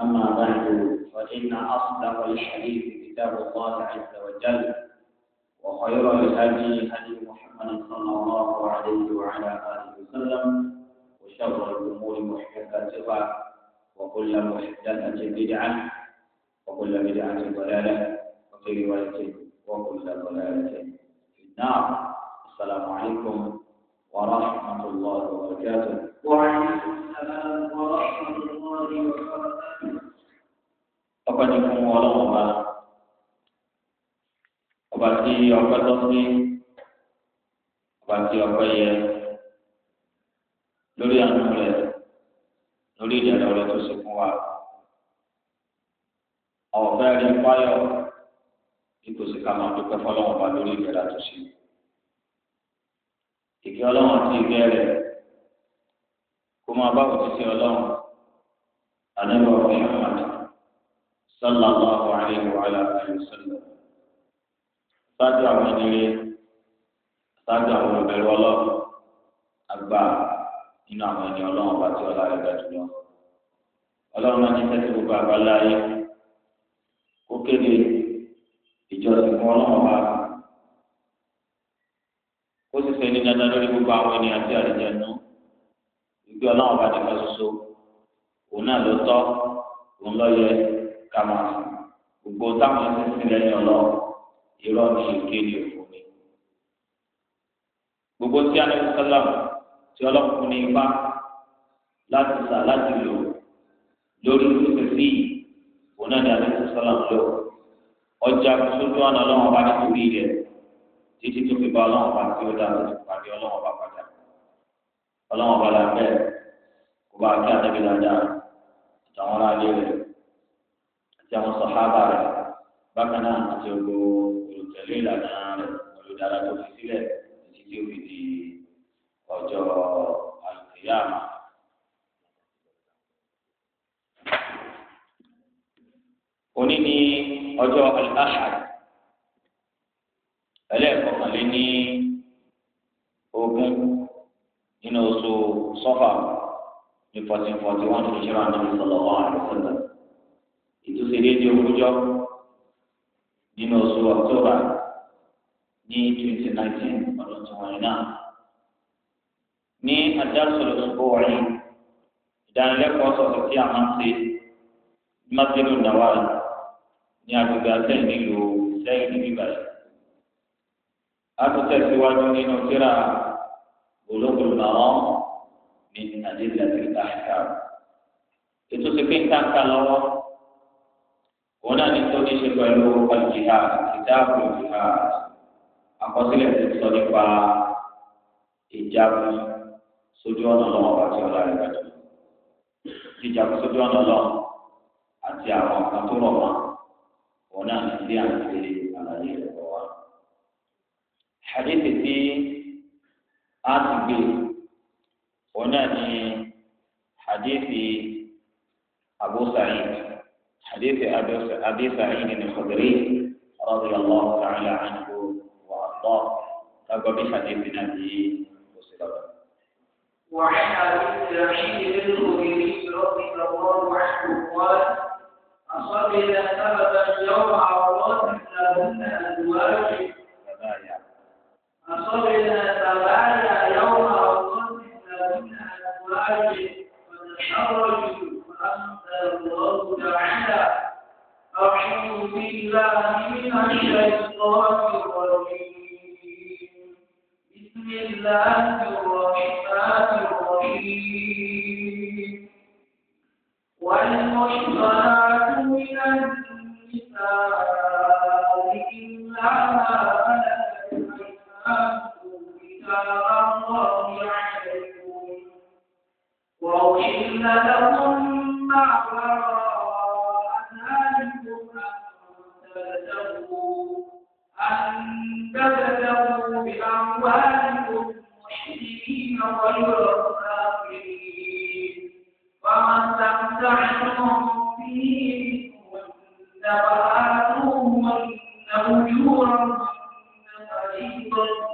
أما بعد فإن أصدق الحديث كتاب الله عز وجل وخير الهدي هدي محمد صلى الله عليه وعلى آله وسلم وشر الأمور محدثاتها وكل محدثة بدعة وكل بدعة ضلالة وفي رواية وكل ضلالة في النار السلام عليكم ورحمة الله وبركاته وعليكم السلام ورحمة الله وبركاته ọpẹ́ ní fún Ọlọ́run ọba ọba tí ọpẹ́ tọ́ sí ọba tí ọpẹ́ yẹ lórí àánú rẹ̀ lórí ìdàgbà rẹ̀ tó ṣe fún wa ọ̀fẹ́ rí fáyọ̀ nítòsí ká máa dúpẹ́ fọ́lọ́run lórí ìdàgbà tó ṣe fún ìgbẹ́ ọlọ́run àti ìgbẹ́ rẹ̀ kó máa bá òṣìṣẹ́ ọlọ́run àdébọ̀ Muhammad sallallahu alayhi wa alihi wa sallam ṣáájú àwọn ènìyàn ṣáájú àwọn ìbẹ̀rù ọlọ́run àgbà nínú àwọn ènìyàn ọlọ́run bá ti ọlá rẹ̀ dájú lọ ọlọ́run máa ní sẹ́tì gbogbo àgbáláyé kó kéde ìjọsìn fún ọlọ́run bá ó sì fẹ́ ní dandan lórí gbogbo àwọn ènìyàn àti àlùjànnú ìgbé ọlọ́run bá nìkan ṣoṣo òun náà ló tọ́ òun ló yẹ ká máa sùn gbogbo táwọn ẹni sì lẹ́yìn ọlọ́run irọ́ ní èké ní òfò ni. gbogbo tí a ní sálàmù tí ọlọ́run fún ní ipá láti sà láti lò lórí ìfẹ́ sí òun náà ní alẹ́ sálàmù lò ọjà sójú ọ̀nà ọlọ́run bá nítorí rẹ̀ títí tó fi bá ọlọ́run bá tí ó dá lójú pàdé ọlọ́run bá padà ọlọ́run bá la bẹ́ẹ̀ kó bá kí àtẹ́bí dáadáa àtàwọn aráalé rẹ̀ àti àwọn sọ̀hábà rẹ̀ bákan náà àti ògbó olùtẹ̀lé ìlànà rẹ̀ olùdára tó fi sílẹ̀ títí tí ó fi di ọjọ́ àlùkìyàmà. òní ni ọjọ́ al-ahad ẹlẹ́ẹ̀kọ̀kànlé ní ogún nínú oṣù sọ́fà ní fourteen forty one ní ìṣẹ́wà náà sallallahu alaihi wasallam ìtúsí déédéé ogúnjọ́ nínú oṣù October ní twenty nineteen ọdún tí wọ́n yìí náà ní àjálùsọ̀rọ̀ ṣùgbọ́n wọ̀nyí ìdánilẹ́kọ̀ọ́ sọ̀tọ̀ tí a máa ń ṣe ní mákìlú nàwárì ní agbègbè àtẹ̀yìn nílùú sẹ́yìn níbí báyìí. أتتسواج من ترى بلوغ المرام من أدلة الأحكام تتسكين تانكا لوا هنا نتوني شكوى الجهاد كتاب الجهاد أقصد تصدق إجابة سجون الله وبركاته ìjàpọ̀ sójú ọ̀nà lọ àti àwọn kan tó rọ̀ mọ́ òun náà ní ilé àti àlàyé ẹ̀kọ́ wa. حديث في آسي بي هنا حديث أبو سعيد حديث أبي سعيد الخدري رضي الله تعالى عنه وأرضاه فهو بحديث نبي وصلى الله وعن أبي سعيد الخدري رضي الله عنه قال أصلي إذا ثبت اليوم عورات أن أزواج أصبنا تبعنا يوم عظمتك من أزواجك ونتحرج فأنزل الله تعالى أعوذ بالله من الشيطان الرجيم بسم الله الرحمن الرحيم والمحصنات من النساء إلا الله يعلمون وأحل لهم ما وراء ذلكم أن تبتغوا بأموالكم محسنين غير مسافرين فما استمتعتم به منهن فآتوهن أجورهن فريضة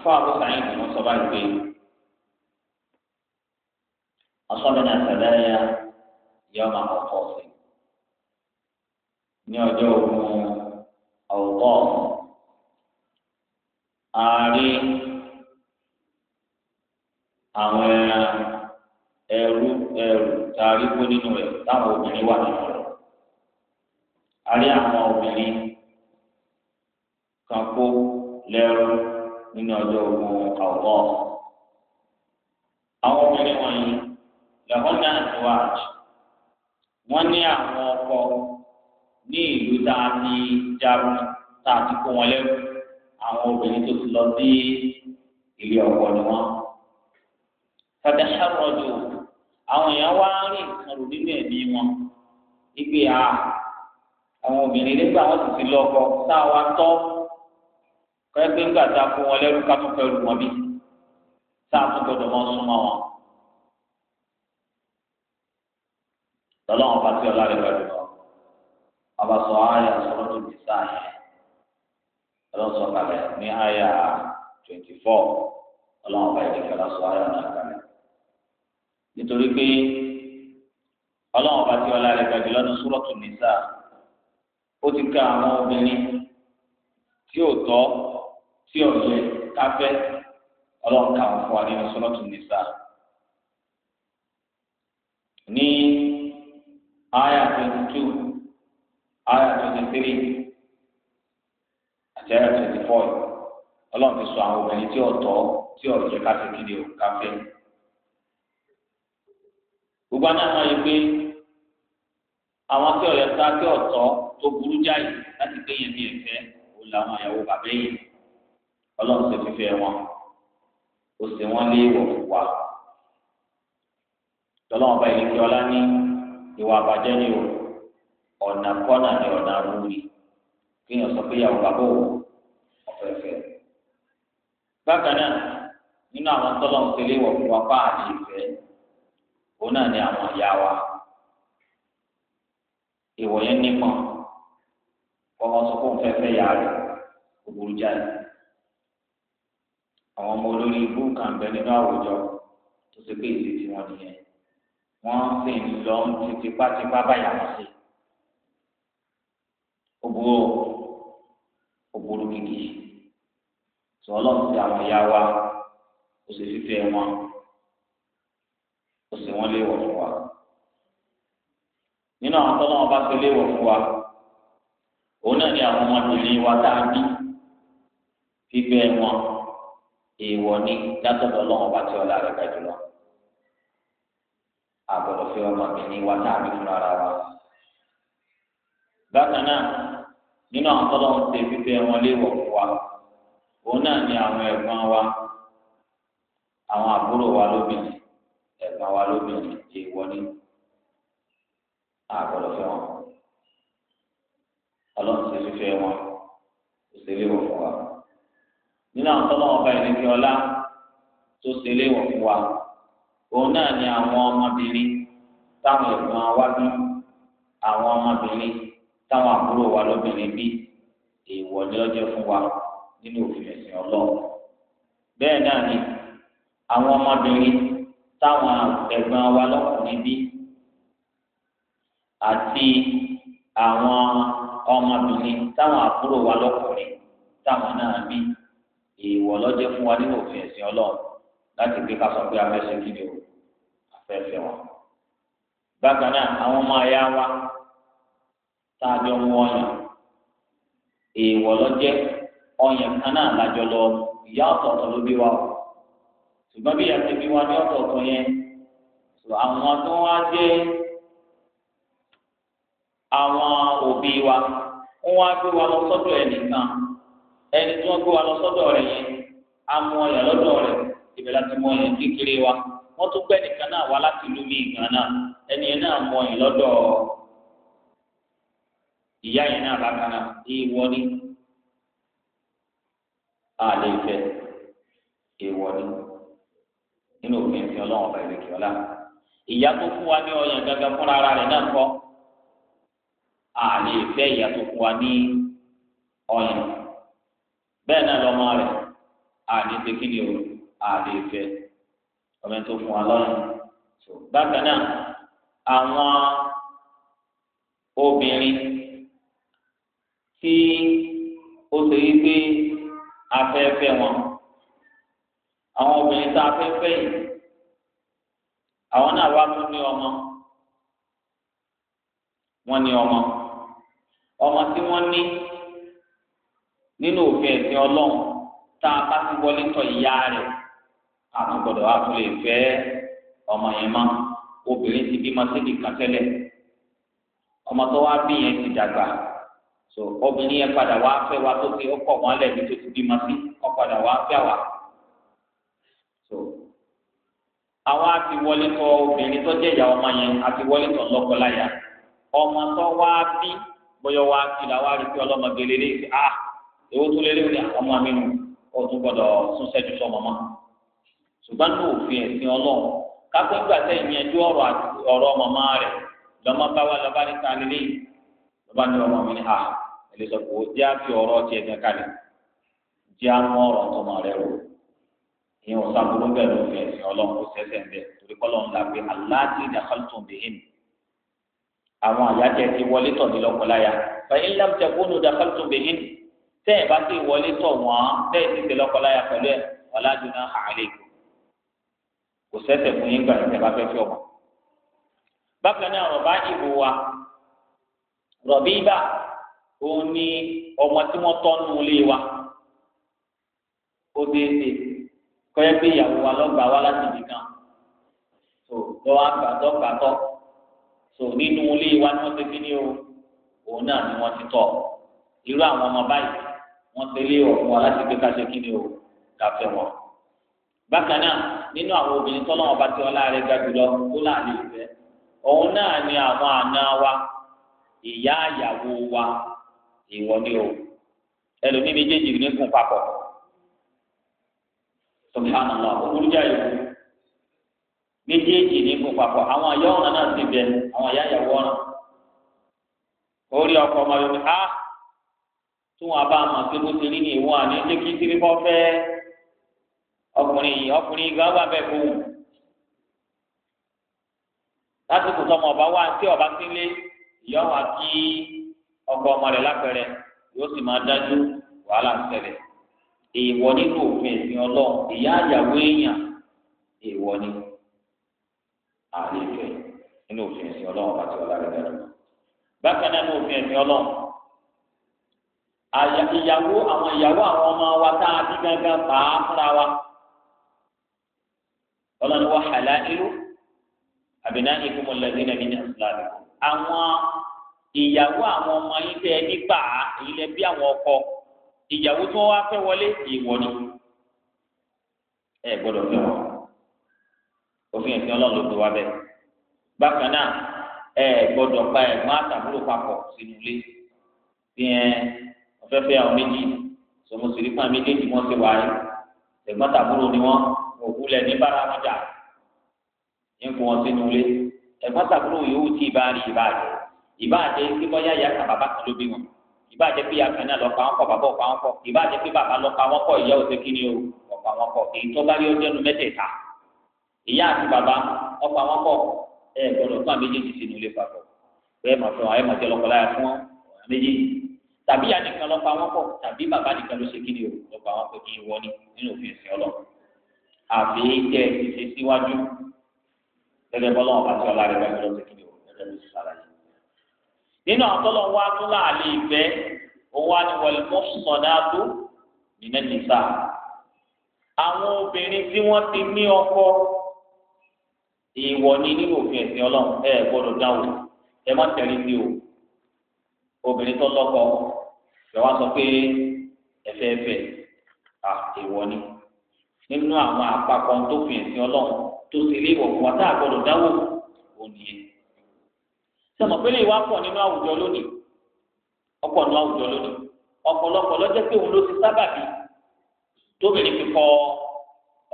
afọ àbúrò sàyìn kò wọn sọ bá gbé asọ́bẹ̀nà sàdáyà yọ ọmọ àkọ́kọ́ ọ̀sẹ̀ ní ọjọ́ ogun ọ̀wọ́ àárín àwọn ẹran ẹrú tààrí kó nínú rẹ̀ táwọn obìnrin wà nínú rẹ̀ àárín àwọn obìnrin kan kó lẹ́rú nínú ọjọ́ ogun àwọ̀. Àwọn obìnrin wọ̀nyí lọ́wọ́ náà ti wá àjù. Wọ́n ní àwọn ọkọ ní ìlú tá a ti jagun tá a ti kó wọn lẹ́rù. Àwọn obìnrin tó ti lọ sí ilé ọkọ ni wọ́n. Fẹ́tẹ̀ ṣàròjò àwọn èèyàn wá ń rìn kan rò nínú ẹ̀mí wọn. Ìgbé àwọn obìnrin nígbà wọn ti ti lọ ọkọ tá a wá tọ́ kọ́ẹ́gbẹ́ ńgbà tá a kó wọn lẹ́rú ká tún fẹ́rù wọn bí tá a tún gbọdọ̀ wọn súnmọ́ wọn. lọ́lọ́wọ́n bá tí ọlá rẹ̀ pẹ̀lú lọ ọba sọ àyà sọ̀rọ̀ tó bí sáàyè ọlọ́sọ kalẹ̀ ní àyà twenty four ọlọ́wọ́n bá ìdíkẹ́ lọ́sọ àyà náà kalẹ̀ nítorí pé ọlọ́wọ́n bá tí ọlá rẹ̀ pẹ̀lú lọ́dún sọ̀rọ̀ tó ó ti ká àwọn obìnrin tí ò tọ́ tí ọ̀yẹ́ káfẹ́ ọlọ́ọ̀ka fún wa nínú sọ́nọ́tún nìsa. ní àyà twenty two àyà twenty three àti àyà twenty four ọlọ́run ti sọ àwọn obìnrin tí ọ̀tọ̀ tí ọ̀yẹ́ káfẹ́ kíni ò káfẹ́. gbogbo àná àwọn yìí pé àwọn tí ọ̀yẹ́ ká tí ọ̀tọ̀ tó burú jáì láti gbé yẹn bí ẹ̀fẹ́ òun làwọn àyàwó bàbá yìí ọlọ́run ṣe fífẹ́ wọn ó sì wọ́n lé ìwọ̀ fún wa tọ́lọ́wọ́n bá ilé kí ní ìwà àbájẹ́ ni o ọ̀nà kọ́nà ni ọ̀nà rúbi kéèyàn sọ pé ìyàwó bàbá òun ọ̀fẹ́fẹ́ bákan náà nínú àwọn tọ́lọ́wọ́n ṣe lé ìwọ̀ fún wa fáàlì ìfẹ́ òun náà ni àwọn ìyá wa ìwọ̀ yẹn nímọ̀ kọ́ wọn sọ fún fẹ́fẹ́ yàrá òbúrú jáde àwọn ọmọ olórí ibú kan bẹ nínú àwùjọ tó ṣe pé èsì tí wọn nìyẹn wọn sì ń lọ ti tipátipá báyà wọn sí òbúrò òbúrò kìkì sọ ọlọ́run sí àwọn ìyá wa kò sì fífẹ́ wọn kò sì wọ́n léèwọ̀ fún wa nínú àwọn tọ́lọ́ wọn bá ṣe léèwọ̀ fún wa òun náà ni àwọn ọmọbìnrin wa tá bí fífẹ́ wọn èèwọ̀ ní látọ̀dọ̀ ọlọ́run ọba tí ọlá rẹ̀ gbàjú lọ. àgbọ̀dọ̀ fi ọmọ mi ní wá sáàbì fúnra ara wa. bákan náà nínú àwọn tọ́lọ́ ń ṣe fífẹ́ wọn léèwọ̀ fún wa òun náà ni àwọn ẹ̀gbọ́n wa àwọn àbúrò wa lóbìnrin ẹ̀gbọ́n wa lóbìnrin èèwọ̀ ní àgbọ̀dọ̀ fi wọn. ọlọ́run ṣe fífẹ́ wọn ó ṣe léèwọ̀ fún wa nínú àwọn tọ́lọ́ ọba ìrìnkì ọlá tó ṣe léwọ̀ fún wa òun náà ni àwọn ọmọbìnrin táwọn ẹ̀gbọ́n wa bí àwọn ọmọbìnrin táwọn àbúrò wa lóbìnrin bí èèwọ̀ ni ọjọ́ fún wa nínú òfin ẹ̀sìn ọlọ́run bẹ́ẹ̀ náà ni àwọn ọmọbìnrin táwọn ẹ̀gbọ́n wa lọ́kùnrin bí àti àwọn ọmọbìnrin táwọn àbúrò wa lọ́kùnrin táwọn náà bí ìwọ lọ́jẹ́ fún wa nínú òfin ẹ̀sìn ọlọ́run láti gbé ká sọ pé afẹ́sẹ̀ kíni o afẹ́fẹ́ wọn. bákan náà àwọn ọmọ ẹ̀yà wa tá a jọ mú ọyàn ìwọ lọ́jẹ́ ọyàn kan náà lájọ lọ ìyá ọ̀tọ̀ọ̀tọ̀ ló bí wa o ṣùgbọ́n bí ìyàtọ̀ bí wa ní ọ̀tọ̀ọ̀tọ̀ yẹn àwọn tó wá jẹ́ àwọn òbí wa wọ́n wá gbé wa lọ sọ́dọ̀ ẹnìkan. ẹni tí wọ́n gbé wa lọ sọ́dọ̀ rẹ̀ yẹn á mú ọyà lọ́dọ̀ rẹ̀ ibẹ̀ láti mú ọyà wa wọ́n tún gbẹ́ nìkan náà wá láti mi ìgbà náà ẹni yẹn náà mú ọyà lọ́dọ̀ ìyá yẹn náà a ni nínú òfin ọba ìrèké ọlá ìyá tó fún wa ní gángan fúnra a ìyá tó bẹ́ẹ̀ náà lọ́mọ rẹ̀ àní ṣe kí ni o àlè fẹ́ ọmọ tó fún wa lọ́rùn tó bákan náà àwọn obìnrin tí ó ṣe yí pé afẹ́fẹ́ wọn àwọn obìnrin tá a fẹ́ fẹ́ yìí àwọn náà wá tún ní ọmọ wọn ní ọmọ ọmọ tí wọn ní. nínú òfin ẹ̀sìn ọlọ́run tá a bá ti wọlé ìyá rẹ̀ àti gbọ́dọ̀ fẹ́ ọmọ yẹn mọ́ obìnrin ti bímọ kan tẹ́lẹ̀ ọmọ tó wá bí ti dàgbà so obìnrin yẹn padà wá fẹ́ wa tó ọkọ̀ wọn lẹ́bi tó ti bímọ sí padà wá wa so wọlé obìnrin tó jẹ́ ìyá ọmọ yẹn àti wọlé ọmọ tó wá bí bóyá wá ọlọ́mọ ah. èwo tó lé lórí ọmọ mi nù ó tún gbọ́dọ̀ sún sẹ́jú sọ mọmọ ṣùgbọ́n tó òfin ẹ̀sìn Ọlọ́run kápẹ́ gbà sẹ́yìn yẹn dú ọ̀rọ̀ ọ̀rọ̀ mọmọ rẹ lọmọ bá wà lọba ní ta nílé lọba ní ọmọ mi ní ha ah, ẹlẹ sọ pé ó jẹ àfi ọ̀rọ̀ tiẹ̀ ní kalẹ̀ jẹ àmọ ọ̀rọ̀ tọmọ rẹ rò ìyẹn ọ̀sán burú bẹ́ẹ̀ ló fi ẹ̀sìn Ọlọ́run kó sẹ́sẹ̀ ń bẹ̀ torí kọ́ lọ́n la pé tẹ́ ẹ̀ bá ti wọlé tọ̀ wọ́n tẹ́ ẹ̀ ti tẹ lọ́kọláya pẹ̀lú ẹ̀ ọ̀làdúnà àlejò kò sẹ́sẹ̀ fún yín gbà bá fẹ́ fi ọmọ. bákan náà rọ̀bá ìbò wa rọ̀bí ibà òun ni ọmọ tí wọ́n tọ́ nù lé wa ó dé dé kọ́yẹ́ pé ìyàwó wa lọ́gbà wa láti nìkan tó lọ́wọ́ àgbàtọ́ gbàtọ́ tó nínú ilé wa ni wọ́n ti fi ní o òun náà ni wọ́n ti tọ̀ irú àwọn ọmọ báyìí wọn tẹ̀lé ọ̀fun aláti gbé káṣe kí ni o káfẹ́ wọn. bákan náà nínú àwọn obìnrin tọ́lọ́ ọba tí ọlá rẹ̀ ga jùlọ tó láàrin ìfẹ́ òun náà ni àwọn àna wa ìyá ni o ẹlòmíì méjèèjì ní kún papọ̀ subhanallah olùjá yòókù méjèèjì ní kún papọ̀ àwọn àyà ọ̀nà náà ti àwọn àyà àyàwó ọ̀nà orí ọkọ̀ ọmọ yorùbá tí wọn bá mọ̀ pé bó ti rí ni ìwọ àní jẹ́ kí tírí kọ́ fẹ́ ọkùnrin yìí ọkùnrin yìí gbàgbà bẹ́ẹ̀ kó wù. lásìkò tó ọmọ ọba wá sí ọba sílé ìyá wa kí ọkọ ọmọ rẹ̀ lápẹ̀rẹ̀ yóò sì máa dájú wàhálà ń ṣẹlẹ̀. nínú òfin ẹ̀sìn ọlọ́run ìyá àyàwó èèyàn èèwọ̀ ni àlejò nínú òfin ẹ̀sìn ọlọ́run àti ọlá rẹ̀ dájú. bákan náà nínú òfin ẹ̀sìn ọlọ́run àyà ìyàwó àwọn ìyàwó àwọn ọmọ wa tá a bí gángan pa á fúnra wa ọlọ́ni wa hàlá irú àbíná ikú mo lẹ́sìn náà nínú ìsìlámù àwọn ìyàwó àwọn ọmọ yín tẹ ẹ nígbà èyí lẹ bí àwọn ọkọ ìyàwó tí wọ́n wá fẹ́ wọlé ìwọ ni ẹ gbọ́dọ̀ fẹ́ wọn òfin ẹ̀sìn Ọlọ́run ló tó wá bẹ́ẹ̀ bákan náà ẹ gbọ́dọ̀ pa ẹ̀gbọ́n àtàbúrò papọ̀ sínú ilé fi fẹ́fẹ́ àwọn méjì sọmọ sìrìkà méjèèjì wọn ti wáyé tẹ̀gbọ́n tàbúrò ni wọn òkú lẹ̀ ní bára wọn jà yín kó wọn sínú ilé ẹ̀gbọ́n tàbúrò yòówù tí ì bá rí ìbá jẹ ìbá jẹ kí wọ́n yá yàtọ̀ bàbá kan ló bí wọn ìbá jẹ pé yàtọ̀ náà lọ́pàá wọn kọ̀ bàbá ọ̀pá wọn kọ̀ ìbá jẹ pé bàbá lọ́pàá wọn kọ̀ ìyá òsè kí ni o ọ̀pá wọn kọ̀ èyí tó bá rí ọjọ́ nu mẹ́tẹ̀ẹ̀ta ìyá àti bàbá ọ̀pá wọn kọ̀ ẹ̀ fún àméjèèjì sínú ilé papọ̀ bẹ́ẹ̀ mọ̀ fún àwọn ẹ̀ mọ̀ tàbí ìyá nìkan lọ pa wọn pọ̀ tàbí bàbá nìkan ló ṣe kíni o lọ pa wọn pọ̀ kí wọ́n ní nínú òfin ìsìn ọlọ àfi kẹ ìṣe síwájú gẹ́gẹ́ bọlọ wọn bá ti ọlá rẹ bá ti lọ ṣe kíni o gẹ́gẹ́ ló ṣe ṣàlàyé. nínú àtọ́lọ̀ wa tún láàlẹ́ ìfẹ́ òun á ní wọlé mọ́ nínú nìsa àwọn obìnrin tí wọ́n ti ní ọkọ ìwọ ni nínú òfin ẹ̀sìn ọlọ́run obìnrin tó lọ́kọ lọ́wọ́ sọ pé ẹ̀fẹ̀ẹ̀fẹ̀ à èèwọ̀ ni nínú àwọn àpapọ̀ tó fi ẹ̀sìn ọlọ́run tó sì lé ìwọ̀kùn wa tá a gbọ́dọ̀ dáwò ònìyẹn. sọmọ pé lè wá pọ̀ nínú àwùjọ lónìí ọ̀pọ̀ nínú àwùjọ lónìí ọ̀pọ̀lọpọ̀ lọ́jọ́ pé òun ló ti sábàbí tóbìnrin fi kọ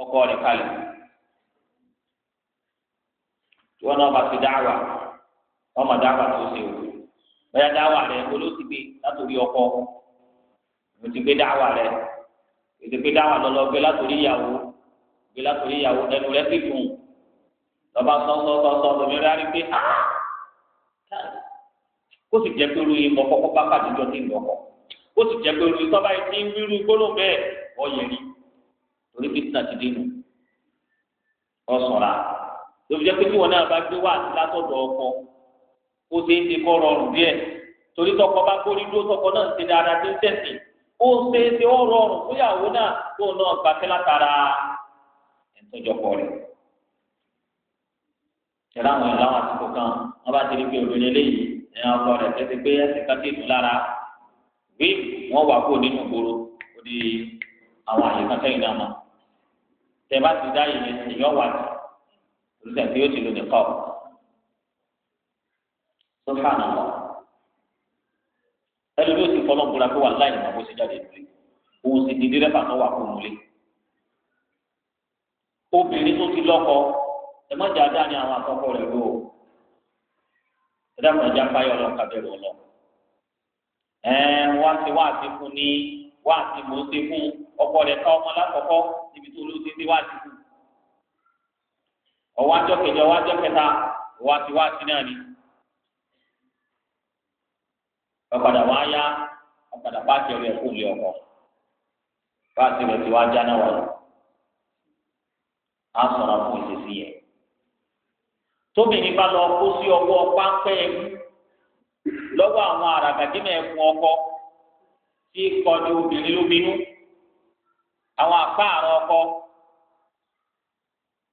ọkọ rẹ̀ kalẹ̀ tí wọ́n náà bá fi dáhà wọ́n máa dáhà tó ṣe òkú bóyá dáwà rẹ olóòtìgbé látòrí ọkọ olóòtìgbé dáwà rẹ ètòpé dáwà lọlọ gbé látòrí ìyàwó gbé látòrí ìyàwó ẹnu rẹ sì dùn lọba sọsọsọsọ lómi rẹ á rí pé ah! kó sì jẹ pé olú yìí mọ kọkọ bá pàdéjọ tí ń lọkọ kó sì jẹ pé olú yìí tọ́ba yìí ti ń wíru gbólóhùn bẹ́ẹ̀ ọ̀yẹ̀rì torí pé tìǹà ti dínú ọ̀sọ̀ra lóbi jẹ́ pé tí wọn náà bá gbé wá àti látọ̀dọ̀ ọkọ kó ṣe é ṣe kọ́ rọrùn díẹ̀ torí tọkọ bá kórí dúró tọkọ náà ń ṣe dáadáa tí ń tẹ̀sìn ó ṣe é ṣe ó rọrùn fúyàwó náà tó náà gbàtẹ́ látara ìtọ́jọpọ̀ rẹ̀. ìlà àwọn ìlà àwọn àsìkò kan wọn bá ti rí pé obìnrin eléyìí ní ọkọ rẹ̀ tẹ́tí pé ẹsẹ̀ kákì ìlú lára bí wọ́n wà kó nínú ìgboro ó di àwọn àyè kan sẹ́yìn náà mọ̀. tẹ bá ti dá yìí èèyàn wà ní olùsẹ̀ńtì yóò ti lò ní ẹni yóò ti fọlọ́n bóra pé wà láì mọ̀ bó ṣe jáde lórí òun sì di dírẹ́fà tó wà fún un lé obìnrin tó ti lọ́kọ ẹ má jà dáa ní àwọn àkọ́kọ́ rẹ̀ lò ó ẹ dákun ẹja fáyọ̀ lọ kábẹ́rù ọlọ ẹ wá sí wá sí fún ní wá sí mò ń ṣe fún ọkọ rẹ̀ ká ọmọ lákọ̀ọ́kọ́ níbi tó lóṣù sí wá sí fún ọwọ́ ajọ́ ọwọ́ ajọ́ kẹta ọ̀padà wá yá ọ̀padà páàkì ọ̀rẹ́ kò lé ọkọ̀ páàkì rẹ̀ ti wá já náà wà lọ. a sọ̀rọ̀ fún ìṣesí yẹn. tóbìnrin bá lọ kó sí ọwọ́ páńpẹ́ ẹ̀mú lọ́wọ́ àwọn àràgàdìmọ̀ ẹ̀fún ọkọ tí kọ́ni obìnrin lóbinú àwọn àpáàrọ̀ ọkọ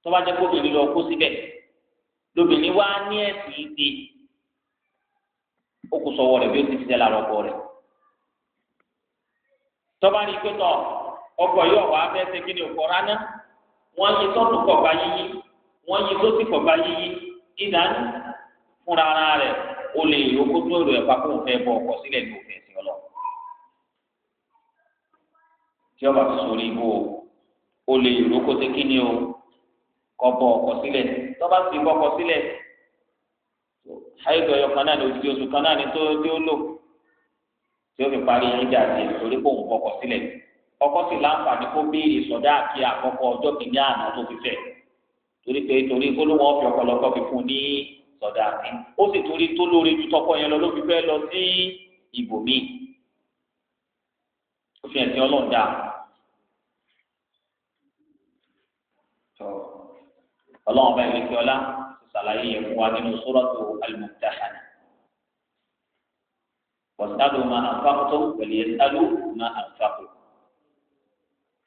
tó bá jẹ́ kóbìnrin lọ kó síbẹ̀ lóbìnrin wá ní ẹ̀sìn ìdè ó kù sọ̀wọ́ rẹ̀ bí ó ti ti dẹ́la lọ́kọ rẹ̀ tọ́ba ní ìpẹ́tọ̀ ọkọ̀ yóò wá fẹ́ kí ni òkọ̀ rárá wọ́n yí sọ́tún kọ̀ọ̀bá yíyí wọ́n yí sọ́tì kọ̀ọ̀bá yíyí ìdáná fúnra ara rẹ̀ ó lè yòókù tó rẹ̀ papọ̀ òfẹ́ bọ̀ ọkọ̀ sílẹ̀ ní òfin ẹ̀sìn ọlọ́ tí ọba ti sori ibo o lè yòókù tó kí ni o kọ́ bọ̀ ọkọ̀ sílẹ̀ tọ́ba ti bọ̀ ọkọ̀ sílẹ̀ ṣáìdì ọyọ kan náà ní odidi oṣù kan náà ní tó tí ó lò tí ó fi parí ìjà àti ìtòrí kò ń kọkọ sílẹ̀ ọkọ sì láǹfààní kó béèrè sọdá àti àkọ́kọ́ ọjọ́ kìíní àná tó fi fẹ́ torí pé torí gbólóhùn ọfẹ ọpọlọpọ fi fún ní sọdá àti ó sì torí tó lórí ju tọkọ yẹn lọ ló fi fẹ́ lọ sí ibòmíì ó fi ẹsẹ̀ Ọlọ́run dáa Ọlọ́run bá ẹni fi ọlá sàlàyé yẹn fún wa nínú sọ́rọ́tò alimọ̀tàhánà wọ́sàdù máa àǹfààkùtò pẹ̀lú ẹ̀sàdù máa àǹfààkù.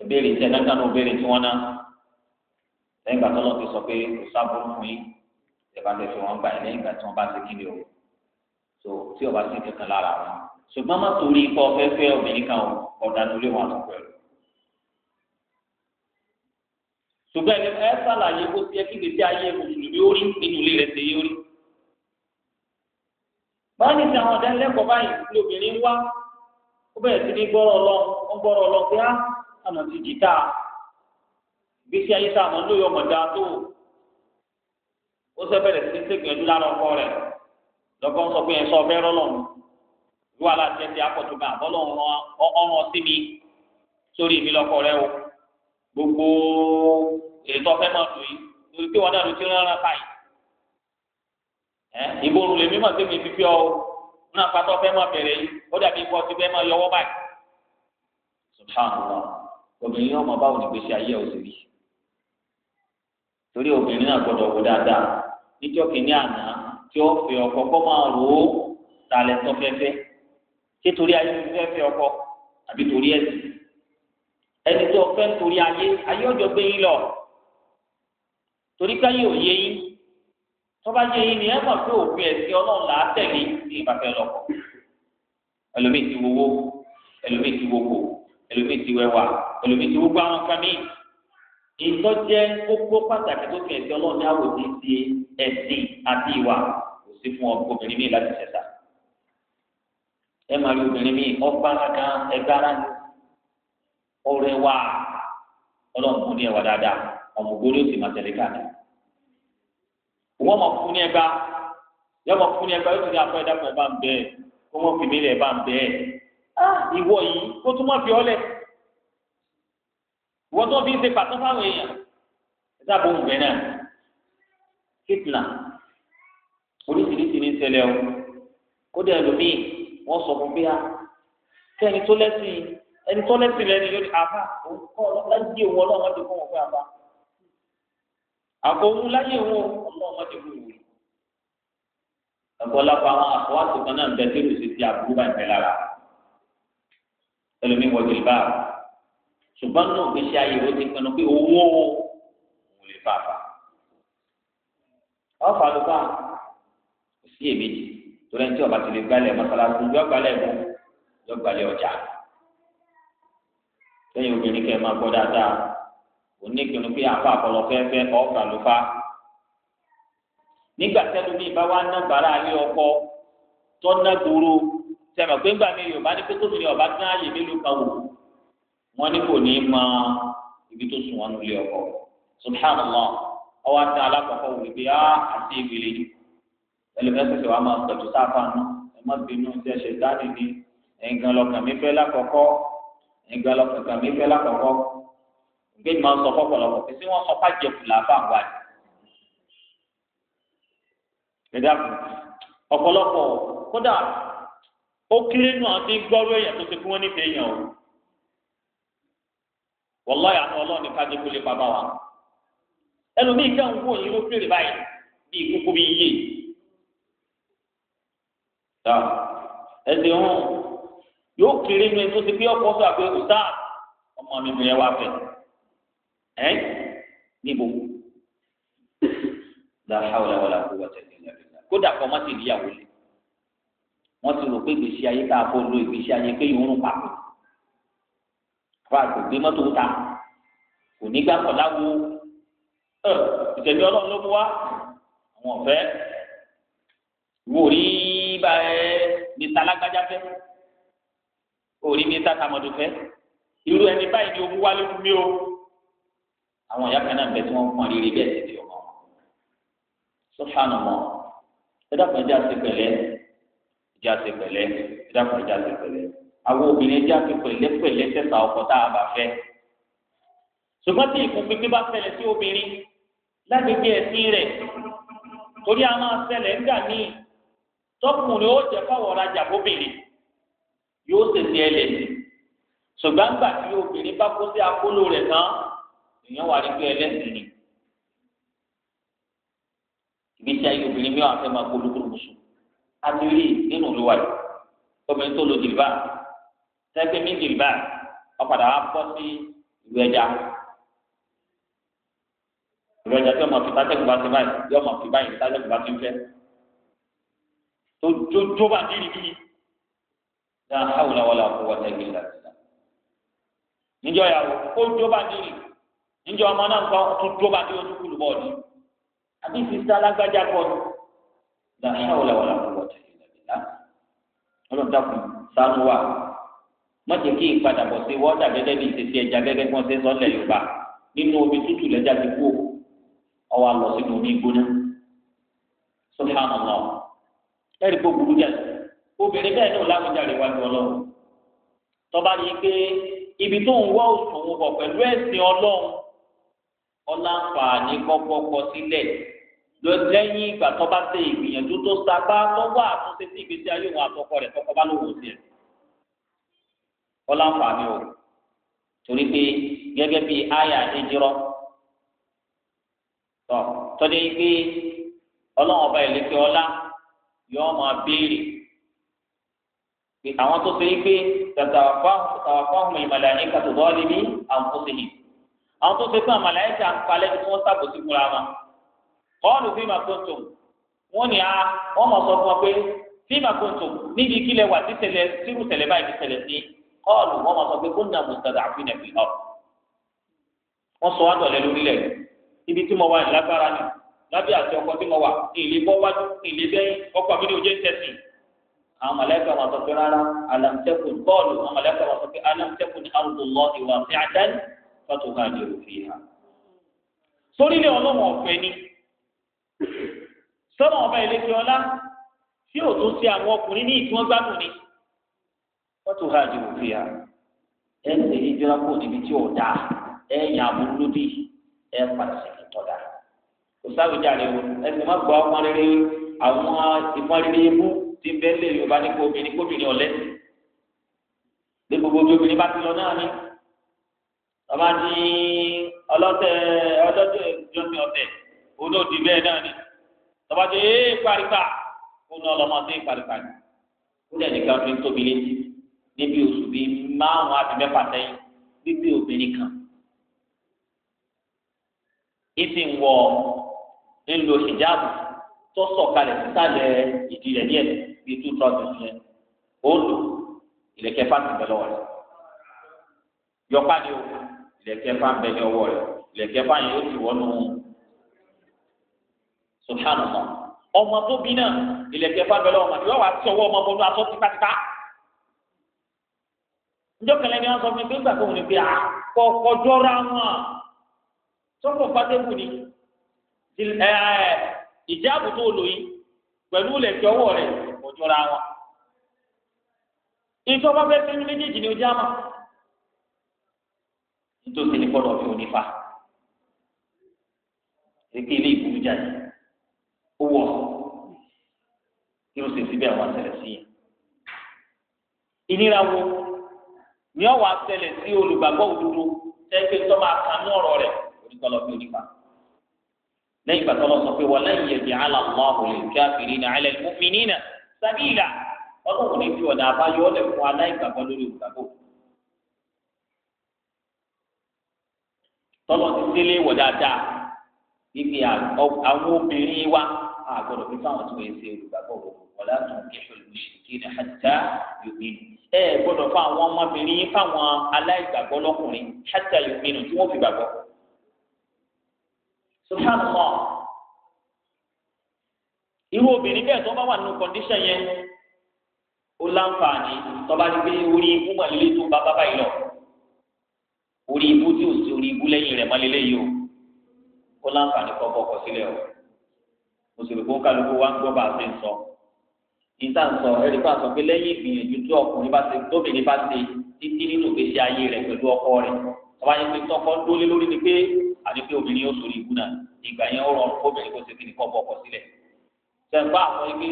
ìbéèrè tí ẹ̀dá kanú ìbéèrè tí wọ́n ná lẹ́yìn ìgbà tó lọ́ọ́ ti sọ pé kò sábò fún yín ìjọba tẹ̀ fi wọ́n gbà yín lẹ́yìn ìgbà tí wọ́n bá ti kíni o tó tí ọba sì kankan lára wọn. ṣùgbọ́n má torí ikọ̀ fẹ́fẹ́ obìnrin kan ọ̀dà nílé wọn àtúkọ̀ ṣùgbọ́n ẹni ẹ sàlàyé bó ti yẹ kí lè dé ayé mùsùlùmí orí nínú ilé rẹ̀ ṣe yé orí. báyìí ní ti àwọn ọ̀dẹ́ lẹ́kọ̀ọ́ báyìí ní obìnrin wá ó bẹ̀rẹ̀ sí ní gbọ́rọ̀ lọ ó gbọ́rọ̀ lọ pé á ah, àmọ̀ ti jìtá gbèsè ayé tá a mọ̀ lóye ọmọ dáa tó ó sọ bẹ̀rẹ̀ sí ní lára ọkọ rẹ̀ lọ́kọ́ sọ pé ẹ̀ sọ fẹ́ rọ́lọ́run wíwá láti ẹ̀ ti akọ̀tùnmá bọ́lọ́run ọ̀ràn sí mi sórí mi lọ́kọ rẹ o gbogbo èyí tó fẹ́ máa lò yìí torí pé wọn náà ló ti rán ara báyìí ẹ ìbò òrùlé mímọ sí mi fífi ọ o ní apátọ fẹ́ máa bẹ̀rẹ̀ yìí ó dàbí ikú ọtí fẹ́ máa yọwọ́ báyìí subhanallah obìnrin ọmọ báwo ni gbèsè ayé ọsẹ rí torí obìnrin náà gbọ́dọ̀ wò dáadáa níjọ́ kìíní àná tí ó fi ọkọ kọ máa rò ó talẹ tó fẹfẹ ṣé torí ayé ló fẹ́ fẹ́ ọkọ àbí torí ẹ̀sìn ẹni tó fẹ́ torí ayé ayé ọjọ́ gbé yín lọ torí káyé ò yé yín tọ́ba yé yín ni ẹ mọ̀ pé òfin ẹ̀sìn ọlọ́run là á tẹ̀lé ní ìbàfẹ́ lọ́kọ̀ ẹlòmíì ti wowó ẹlòmíì ti woko ẹlòmíì ti wẹwà ẹlòmíì ti gbogbo àwọn kan míì ìtọ́jẹ́ kókó pàtàkì tó fi ẹ̀sìn ọlọ́run ní àwòdì ti ẹ̀sìn àti ìwà kò sí fún obìnrin míì láti ṣẹ̀ṣà ẹ máa rí obìnrin míì ọgbà kankan ẹgbẹ́ ara ọrẹ wà ọlọ́run kò ní ẹwà dáadáa ọmọ gbóló si máa tẹ̀lé káàkiri wọ́n mọ̀ fún ní ẹgbà yọ mọ̀ fún ní ẹgbà yóò ti ní afọ ẹ̀dàpọ̀ ẹ̀bá ń bẹ́ ẹ̀ kó wọ́n fi mí lẹ̀ ẹ̀bá ń bẹ́ ẹ̀ ah, ìwọ yìí kó tún mọ̀ fi ọ́ lẹ̀ wọ́n tó fi ń ṣe pàtó fáwọn èèyàn ẹ̀dá bò ń bẹ̀ náà fitna oríṣiríṣi ní ṣẹlẹ̀ o kódà ẹlòmíì wọ́n sọ fún bíyà ah, kẹ́ni tó lẹ́sìn ẹni tó lẹ́sìn lẹ́ni lórí àbá òun kọ́ ọ àpò ohun láyé wọn ọmọ ọmọdé wò wò ọ̀pọ̀lọpọ̀ àwọn àfọwọ́sọ kan náà ń bẹ tí ó sì ti àbúrò bá ń bẹ lára ẹlòmíín wọ jìlbà ṣùgbọ́n náà gbèsè àyèwò ti pinnu pé owó òun lè fà fà ọ̀fà ló bá kò sí èméjì torí ẹni tí ọba ti lè gbalẹ̀ mọ́sálásí yọ gbalẹ̀ mọ́ yọ gbalẹ̀ ọjà lẹ́yìn obìnrin kẹ́ máa gbọ́ dáadáa oníkinu pé àfa àkọlọ fẹẹfẹ ọkà ló fa nígbà tẹlifí bá wà ná bàrà alẹ ọkọ tó ná gbòòrò sẹmọ pé ńgbà mi yorùbá ní pété mi ọba tí wọn yè mí ló wò wọn ní kò ní í mọ ibi tó sùn wọn nílé ọkọ subhanallah ọwọ àti alákọọkọ wò wípé á àti ìgbélé ẹlẹmẹsẹsẹ wa máa tọjú sáfà nù ẹ má bínú ṣe ṣe dáàdì ní ẹnìkan lọkàn mi fẹ lákọọkọ ẹnìkan lọkàn mi fẹ lákọọkọ gbé máa ń sọ fọ́pọ̀lọpọ̀ pé sí wọ́n sọ fàjẹkù làbá wà ní. ẹ̀dá kù ọ̀pọ̀lọpọ̀ kódà ó kéré náà ti gbọ́rú èèyàn tó ti fún wọn nífẹ̀ẹ́ èèyàn o wọláyà ní ọlọ́run ní fàjẹkù lè bàbá wa ẹlòmíì kẹ́ ń wò yín ló fèrè báyìí bí kúkú bí yé ẹsẹ̀ hàn yóò kéré nu ẹni tó ti fi ọkọ̀ sọ àpé ọ̀tá ọmọ mi bìnrin wa fẹ́ ẹ níbo la hawla wala quwwata illa billah kódà kọ má ti níyàwó lé wọn ti rò pé ìgbésí ayé tá a fọ lo ìgbésí ayé pé yòórù pàpọ àbá àgbègbè mọ́tò ta kò ní gbà kọ láwo ẹ ìtẹ̀lé ọlọ́run ló mú wa àwọn ọ̀fẹ́ wò rí bá ẹ ní talágbájá fẹ́ orí ní tàtàmọ́dún fẹ́ irú ẹni báyìí ni owó wálé fún mi o àwọn ìyá kan náà bẹ tí wọn pọn rírì bẹ́ẹ̀ sì ti ọmọ wọn subhanallah ẹdáàpọ̀ ẹjẹ́ àti pẹ̀lẹ́ ẹjẹ́ àti pẹ̀lẹ́ ẹdáàpọ̀ ẹjẹ́ àti pẹ̀lẹ́ àwọn obìnrin ẹjẹ́ àti pẹ̀lẹ́ pẹ̀lẹ́ tẹ̀sà ọkọ tá a bá fẹ́ ṣùgbọ́n tí ìkún pínpín bá fẹlẹ̀ sí obìnrin lágbègbè ẹ̀sìn rẹ̀ torí a máa ṣẹlẹ̀ ńgbà míì tọkùnrin ó jẹ́ fáwọn ọ̀rajà bóbìnrin yóò ṣèṣe ẹlẹ́sìn ṣùgbọ́n gbà tí obìnrin bá kó sí akóló rẹ̀ tán èèyàn wà ní pé ẹlẹ́sìn ni ìgbésí ayé obìnrin mi wà fẹ́ máa kó lóko lóṣù àti rí nínú olúwa yìí obìnrin tó lo jìlbà sẹ́gbẹ́ mi jìlbà ọ̀padà wa bọ́ sí ìwé ẹja ìwé ẹja tí ọmọ fi tátẹ́gùn bá ti báyìí tí ọmọ fi báyìí tátẹ́gùn bá ti ń fẹ́ tó jójó bá dìrì bíi dáhàwùlà wàlà kó wọ́n tẹ́gbẹ́ ìlànà níjọ́ yàwó kó jó bá dìrì níjọ ọmọ náà nǹkan tó tó bá dé ojú kúlù bọ́ọ̀lù àbí ìfisí alágbájá kọ́ ni làṣà ò làwọn làwọn wọ̀ tẹ̀lé ìlànà ọlọ́dàkùn sánú wa mọ̀tẹ́ kí ìpadàbọ̀ sí wọ́ọ̀dà gẹ́gẹ́ bí ìṣesí ẹja gẹ́gẹ́ bí wọ́n ṣe ń sọ lẹ̀ Yorùbá nínú omi tútù lẹ́jà ti kú ọwọ́ àlọ́ sínú omi gbóná sọ́kànlọ́ ẹ̀rí kó burú jáde obìnrin bẹ́ẹ̀ náà láwùjá rẹ̀ wájú ọlọ́run tọ́ba yìí pé ibi tó ń wọ́ òṣùwọ̀n bọ̀ pẹ̀lú ẹ̀sìn ọlọ́run ọlànfààní kọ́kọ́ kọ sílẹ̀ lẹ́yìn ìgbà tó bá ṣe ìgbìyànjú tó sapá tó wà àtúnṣe sí ìgbésí ayé òun àtọkọ rẹ̀ tọkọ bá lòun sí ẹ̀ ọlànfààní o torí pé gẹ́gẹ́ bíi àyà ìjírọ́ tọ́ tọ́jú pé ọlọ́run ọba ìlẹ́kẹ́ ọlá yóò máa béèrè àwọn tó ṣe é pé tàtàwáfáhùn ìmàlà ní kàtó bọ́ọ̀lì ní àǹkóṣe yìí àwọn tó ṣe fún àmàlẹ́kà ń palẹ́ tí wọ́n sàbòsí fúnra wọn kọ́ọ̀lù fíìmà kóńtò wọ́n ní a ah, wọ́n mọ̀ sọ fún ọ pé fíìmà kóńtò níbi kílẹ̀ wà tí tẹ̀lẹ̀ sírù tẹ̀lẹ̀ báyìí ti tẹ̀lẹ̀ sí kọ́ọ̀lù wọ́n mọ̀ sọ pé kó mùsàdà àfin ẹ̀fìn wọ́n sọ wọ́n dọ̀lẹ́ lórílẹ̀ ibi tí mo wà ní lágbára ni lábẹ́ àti ọkọ tí mo wà ìlé bọ́ wájú ìlé bẹ́yìn ọkọ mi ni ò jẹ́ tẹ̀sìn àwọn mọ̀lẹ́kà wọn sọ pé rárá alamtẹ́kùn kọ́ọ̀lù àwọn mọ̀lẹ́kà wọn sọ pé alamtẹ́kùn arúgbó lọ́ọ̀dì wà sí àdáni fọ́tò bá lè fi hàn. sórílẹ̀ ọlọ́wọ̀n ọ̀fẹ́ ni sọ́nà ọba ìlẹ́kẹ̀ ọlá tí ò tún ṣe àwọn ọkùnrin ní ìtún ọgbàdùn ni fọ́tò bá lè fi hàn. ẹ ń tẹ̀lé ìjọba kò níbi tí ò dáa ẹ yàn àbúrú lódì ẹ padà sí ìtọ́jà kò sáwìjà rẹ o ẹ sì má gbọ́ ọmọ rere àwọn ìmọ̀ rere ibú ti bẹ́ẹ̀ lé Yorùbá ní kó obìnrin kó obìnrin ọ̀lẹ́sìn gbogbo obìnrin bá ti lọ náà ni ọba ní ọlọ́tẹ̀ ọlọ́tẹ̀ ìjọsìn ọ̀tẹ̀ òun ló di bẹ́ẹ̀ náà ni tọba tó yé paripa òun náà lọ́mọ sí ni ó dẹ̀ nìkan fi ń tóbi létí níbi oṣù bíi márùn-ún àti mẹ́fà sẹ́yìn gbígbé obìnrin kan ìsì ń wọ ńlò hijabu tó sọ̀kalẹ̀ sísàlẹ̀ ìdí rẹ̀ díẹ̀ bíi two thousand yẹn ó lò fásitì bẹ́ẹ̀ lọ́wọ́ yọpá ni o ilẹ̀kẹfà ń bẹ ní ọwọ́ rẹ̀ ilẹ̀kẹfà yẹn yóò ti wọnú subhanallah ọmọ tó bí náà ilẹ̀kẹfà ń bẹ lọ́wọ́ màdìwá wà á ti ọwọ́ ọmọ bọ́lú aṣọ tipátipá njọkẹlẹ ni wọn sọ fún mi pé gbàgbọ́ òun ni pé àkọkọjọ́ra wọn sọ́kọ̀ pátébù ni ìjáàbù tó lò yìí pẹ̀lú ilẹ̀kẹ̀ ọwọ́ rẹ̀ kọjọ́ra wọn ìjọba bẹ́ẹ̀ fẹ́ méjèèjì ni ó já máa tó ṣe ní kọlọ fi òní fa èké ilé ìbúrú jáde ó wọ irú sèṣi bẹ́ẹ̀ wọ́n ṣẹlẹ̀ sí yẹn ìnira wo ni ọ wà ṣẹlẹ̀ sí olùgbàgbọ́ òdodo tẹgbẹ tó máa kà ní ọ̀rọ̀ rẹ̀ oníkọlọ fi òní fa lẹ́yìn ìgbà tó lọ sọ pé wọn lẹ́yìn ẹbí aláwọ lè kí àfìrí ní alẹ mọmìnira sábìlà Ọlọ́run ní fi ọ̀nà àbáyọ ọlẹ fún aláìgbàgbọ́ lórí olùgbàgbọ́ òdodo. tọ́lọ̀ ti délé wọ̀ dáadáa ibi àwọn obìnrin wa àgọ́dọ̀ fi fáwọn tó yẹ ṣe olùgbàgbọ́ wọlé àtúnkẹ́fẹ́ olùṣèké ní hàtà yòmínú ẹ gbọ́dọ̀ fún àwọn ọmọbìnrin yín fáwọn aláìgbàgbọ́ lọ́kùnrin hàtà yòmínú tí wọ́n fi gbàgbọ́. subhanallah irú obìnrin bẹ́ẹ̀ tó bá wà nínú kọ́ndíṣàn yẹn ó láǹfààní tọ́ba ti gbé orí ikú mọ̀lẹ́lẹ́ tó bá bábá yìí lọ orí ibú tí ò sí orí ibú lẹ́yìn rẹ̀ mọ́lélẹ́ yìí o ó láǹfààní kọ́ bọ́kọ̀ sílẹ̀ o mùsùlùmí kó kálukú wá ń gbọ́ bá a ti ń sọ ìta ń sọ ẹ̀rí fún àsọ pé lẹ́yìn ìgbìyànjú tí ọkùnrin bá ṣe tóbìnrin bá ṣe títí nínú ìgbésí ayé rẹ̀ pẹ̀lú ọkọ rẹ̀ tọ́ba yẹn pé tọkọ dólé lórí ni pé àti pé obìnrin yóò sòrò ìgbóná ìgbà yẹn ó rọrùn obìnrin kó ṣe kí ni kọ́ bọ́ ọkọ sílẹ̀. sẹ́ńpá àwọn ibi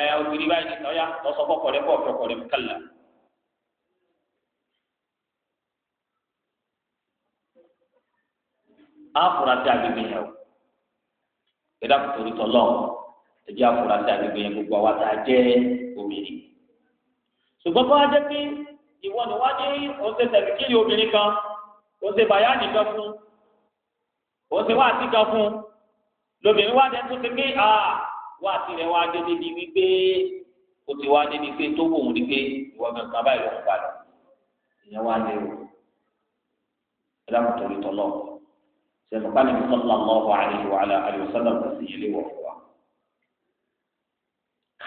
ẹ obìnrin báyìí ní ọ̀yà lọ́sọ̀kọ̀kọ̀ rẹ̀ pọ̀ fẹ́ rẹ̀ kálá afurasí agbègbè yẹn o ẹ̀dá kòtòrí tọlọ ẹjẹ afurasí agbègbè yẹn gbogbo àwa tá a jẹ obìnrin ṣùgbọ́n bá a jẹ́ pé ìwọ ni wọ́n á ní oṣù tẹ̀síkìlì obìnrin kan oṣù bàyáàdì kan fún oṣù wáàtí kan fún lóbìnrin wá dé tó ti pé a wáàtí rẹ̀ wá dé níbi wípé o ti wá dé ní pé tó wòun ní pé ìwọ gangan báyìí ló ń padà ìyẹn wá dé o ẹ̀dá kòtòrí tọlọ sẹ́nu ká níbi sọ́nà lọ́wọ́ àlejò àlẹ́ àlejò sọ́nà tó sì yẹlé wọ̀ fún wa.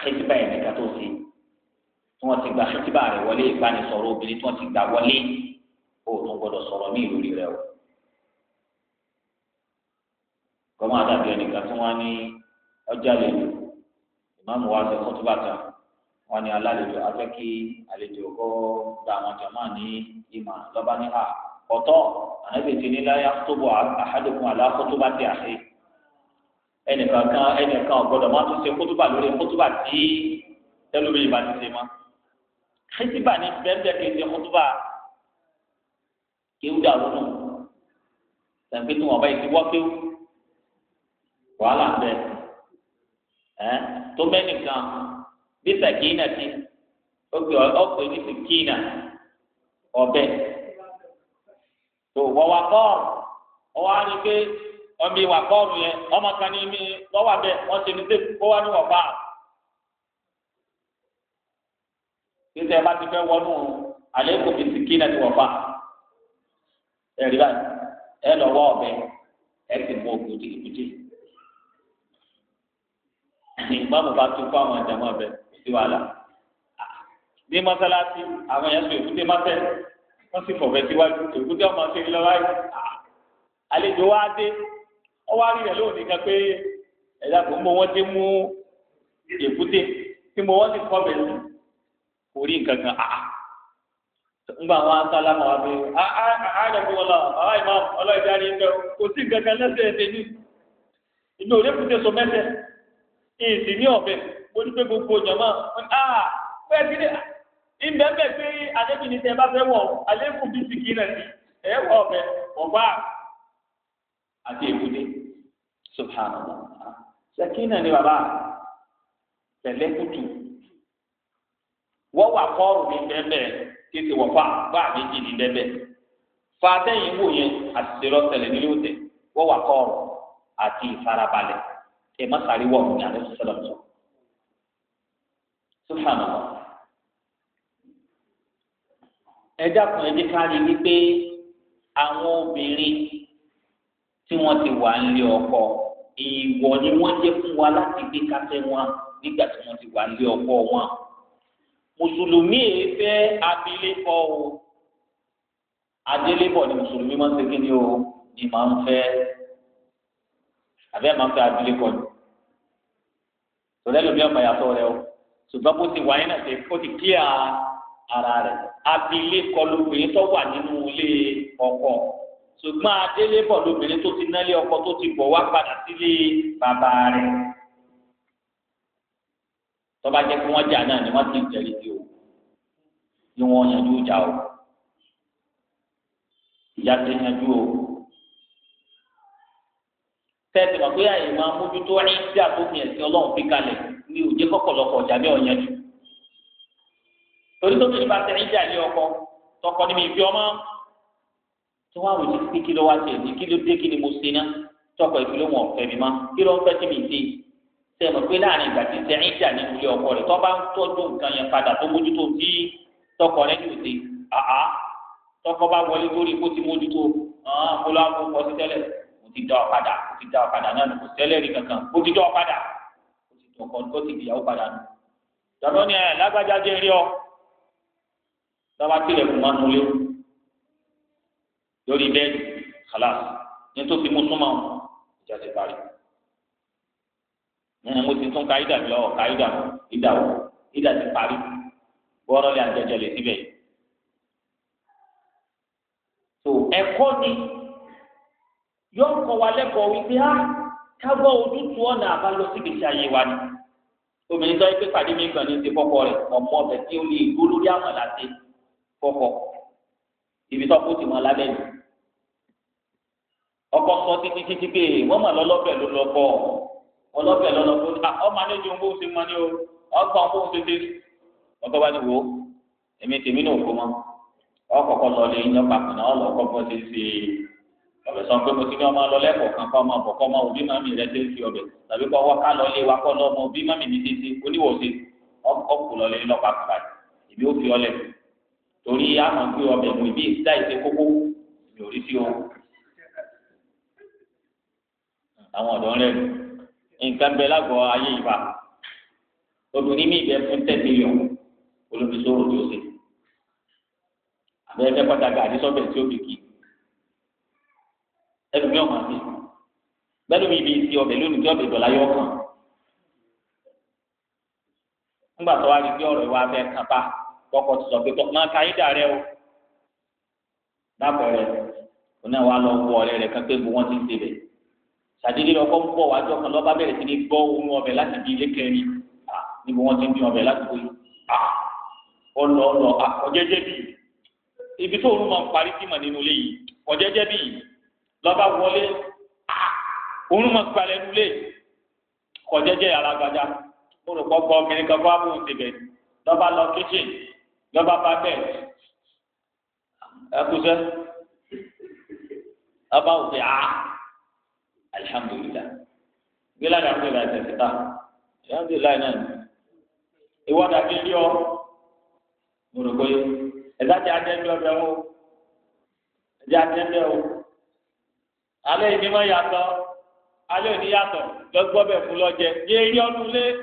xetiba yẹn nìkan tó ṣe tí wọ́n ti gba xetiba rẹ̀ wọlé ìbánisọ̀rọ̀ obìnrin tí wọ́n ti gba wọlé o tún gbọdọ̀ sọ̀rọ̀ ní ìlú rẹ̀ o. kọ́mọ́ àdàbí ẹnìkan tí wọ́n ní ọjà àlejò ìmáàmù wa ṣe kọ́túbà tán wọ́n ní alálejò afẹ́ kí àlejò kọ́ gba àwọn jàmáà ní ìmọ̀ lọ́báníhà ọ̀tọ̀ ànábìtì ní láyà tóbọ̀ àhádùkún aláàkótóbá ti àṣẹ ẹnìkan kan ẹnìkan ọ̀gbọ́dọ̀ máa tún ṣe kótóbà lórí kótóbà tí tẹlómìnì bá ti ṣe mọ́ kótóbà ní bẹ́ẹ̀ kì í ṣe kótóbà kéwú dàrú nù tàbí tí wọn bá yìí ti wọ́ kéwú wàhálà ń bẹ ẹ tó mẹ́nìkan bí sàkínà ti ó pè ní sàkínà ọbẹ̀ tó wọ́n wà kọ́ọ̀rù ọwọ́ á rí i pé ọmọ ìwà kọ́ọ̀rù yẹn ọmọ kan ní mi lọ́wọ́ abẹ wọ́n ṣe ní sèpù kó wá ní wọ́n bá a. títẹ̀ bá ti fẹ́ wọnú alẹ́ kò fi sìkì náà ti wọ̀ fà ẹ̀ rí báyìí ẹ lọ́wọ́ ọ̀bẹ ẹ sì mú òkú jìgìjì. ìgbàmù bá tún fún àwọn ìjàmọ́ ọ̀bẹ sí wàhálà. ní mọ́sálásí àwọn èèyàn sọ èkúté mọ́sẹ̀ wọ́n sì fọ̀fẹ́ síwájú èkúté ọmọ ṣe lọ́wọ́ ayé ah, àlejò wa dé ọwọ́ àríyá lónìí kan pé ẹ̀dá kò mọ wọ́n ti mú èkúté tí mo wọ́n ti kọ́ bẹ̀ sí kò rí nǹkan kan àá ah, ngba wa sálámà wa bẹ́ẹ̀ a a a dàbí wọn lọ àwọn ìmọ̀ ọlọ́ọ̀dẹ́ àrí ń bẹ kò sí nǹkan kan lẹ́sẹ̀ ẹ̀sẹ̀ ní inú òrèkúté so mẹ́sẹ̀ èsì ní ọ̀bẹ mo ní pé gbogbo jọ̀mọ́ a ah, bẹ́ẹ̀ ti dé ìbẹ́ẹ̀bẹ́ pé adébí ni tẹ́ bá fẹ́ wọ̀ alẹ́kùn bí sìkì rẹ̀ sí ẹ̀ wọ̀ ọ̀bẹ ọ̀gbà àti èbúté subhanallah sakina ni baba tẹ̀lé kutu wọ́n wà kọ́ọ̀rù ní bẹ́ẹ̀bẹ́ kí ti wọ̀ fà bá méjì ní bẹ́ẹ̀bẹ́ fàtẹ́yìn wò yẹn àṣìṣerọ́ tẹ̀lé nílé òtẹ̀ wọ́n wà kọ́ọ̀rù àti ìfarabalẹ̀ ẹ̀ má sáré wọ̀ ní alẹ́ sọ́sọ́ lọ́sọ̀ subhanallah ẹdá kan ẹdí kárí wípé àwọn obìnrin tí wọ́n ti wà ń lé ọkọ ìwọ ni wọ́n jẹ́ fún wa láti gbé kásẹ̀ wọn nígbà tí wọ́n ti wà ń lé ọkọ wọn mùsùlùmí èé e fẹ́ abilékọ o adélébọ̀ ni mùsùlùmí máa ń ṣe kíni o ni máa ń fẹ́ àbẹ́ máa ń fẹ́ abilékọ ni tòlẹ́lùmí ọmọ ìyàtọ̀ rẹ o ṣùgbọ́n bó ti wáyé náà ṣe kó ti kíá ara rẹ̀ abilékọ lóbìnrin tó wà nínú ilé ọkọ ṣùgbọ́n adélébọ̀ lóbìnrin tó ti nálé ọkọ tó ti bọ̀ wá padà sílé bàbá rẹ̀ tọ́ba jẹ́ kí wọ́n jà náà ni wọ́n ti ń jẹ̀rí sí o ni wọ́n yanjú ìjà o ìyá ti yanjú o tẹ́tí mọ̀ pé àyè máa mójútó ẹ̀ṣin tí àtòkùn ẹ̀sìn ọlọ́run fi kalẹ̀ ní òjé kọ́kọ́lọ́kọ̀ ọ̀jà bí ọ̀yanjú torí tó tóbi bá tẹ ìjà ní ọkọ tọkọ ní mi fi ọmọ tó wà wò ní kí ló wá tẹ ní kí ló dé kí ni mo ṣe náà tọkọ ìfìlẹ wọn ọfẹ mi má kí ló ń fẹ́ tí mi ṣe tẹ mọ̀ pé láàrin ìgbà tí tẹ ìjà ní ilé ọkọ rẹ tó bá ń tọ́jú nǹkan yẹn padà tó mójútó tí tọkọ rẹ ní òde àá tọkọ bá wọlé lórí kó ti mójútó àá kó lọ àkókò ọtí tẹ́lẹ̀ kò ti dá ọ padà ti dá ọ padà náà kò tẹ́lẹ̀ rí kankan kò ti dá ọ sábà tilẹ̀ kù máa nulẹ̀ lórí bẹ́ẹ̀dì kàlàs ní tó fi mú súnmọ́ ọ ìjà ti parí. ní mo ti tún ka ìdà lọ ka ìdà ìdà wọ ìdà ti parí wọ́ọ́rọ́ lè àjẹjẹ lè síbẹ̀. tó ẹ̀kọ́ ni yọ ọkọ̀ wa lẹ́kọ̀ọ́ wípé á ah, kábọ̀ ojútùú ọ̀nà àbálọ síbi tí ayé wa ni obìnrin tó yẹ pé pàdé mi gbọ̀n ní ti kọ́kọ́ rẹ̀ ọmọ ọbẹ̀ tí ó lè gbó lórí àmàlà tẹ́ kọkọ ibi tó kú ti wọn lábẹ́ ni ọkọ sọ títí títí pé wọn mà lọlọbẹ ló lọ kọ ọlọbẹ ló lọ kọ ọmọ anájú ń bó ṣe mọ ni o ọgbà ń bó ṣe ṣe ọkọ bá ti wò ó èmi tèmi náà kó mọ ọkọkọ lọ lé yín ọkọ àkànná ọlọkọ bó ṣe ṣe ọbẹ sọ pé mo ti ní ọmọ lọ lẹkọọ kan kọ ọmọ àbọkọ ọmọ òbí màmí rẹ ṣe ń fi ọbẹ tàbí kọ wá lọ lé wa kọ lọ òbí màmí mi ṣe ṣe oníwòsè ọkọ kù lọ lé lọpàá kàkà ìbí ó fi ọlẹ fún torí àmọ̀ pé ọbẹ̀ mú ibi ìsílá ìṣe kókó ní orí sí o. àwọn ọ̀dọ́ rẹ̀ nǹkan bẹ lágọ̀ọ́ ayé ìbá obìnrin mi bẹ fún ten million olùbíṣòro tó ṣe abẹ́rẹ́ pàtàkì àdísọ́bẹ̀ tí ó bìkì ẹlòmí ọ̀mà sí bẹ́lómi ibi ìsì ọbẹ̀ lónìí tí ọbẹ̀ dọ̀la yọ̀ kàn ńgbà tó wá rí bí ọ̀rọ̀ ìwà abẹ́ kápá tọkọ ti sọ pé tọ máa ka ayédà rẹ o lápẹẹrẹ oní àwọn alọ wọ ọ̀rẹ́ rẹ kan pé bu wọn ti ń tẹlẹ sàdédé ọkọ ń bọ̀ wájú ọkàn lọba bẹ̀rẹ̀ sí ní gbọ́ ohun ọbẹ̀ láti di ilé kẹrin níbi wọn ti ń dín ọbẹ̀ láti bóyú ọlọ ọlọ ọjẹjẹ bíi ibi tó òun máa ń parí sí mà nínú ilé yìí ọjẹjẹ bíi lọba wọlé òun máa ń palẹ̀ nulẹ̀ ọjẹjẹ alágbájá mo rò pọ̀ gbọ́ obìnrin kan bá lọba lọ kíchìn lọ́ba bá bẹ́ẹ̀ ẹkúṣẹ́ ọba òkè á alihamudulilayi gbéra ní àpò ìlànà ìtẹ̀síta alihamudulilayi náà ìwádà bí lé ọ mọ̀rọ̀kọ́ yẹ ẹ̀dá jẹ́ adé bí ọbẹ̀ o ẹ̀dá adé bí o alẹ́ yìí ni wọ́n yàtọ̀ alẹ́ òní yàtọ̀ lọ́gbọ́ bẹ̀ fún lọ́jẹ yé eré lé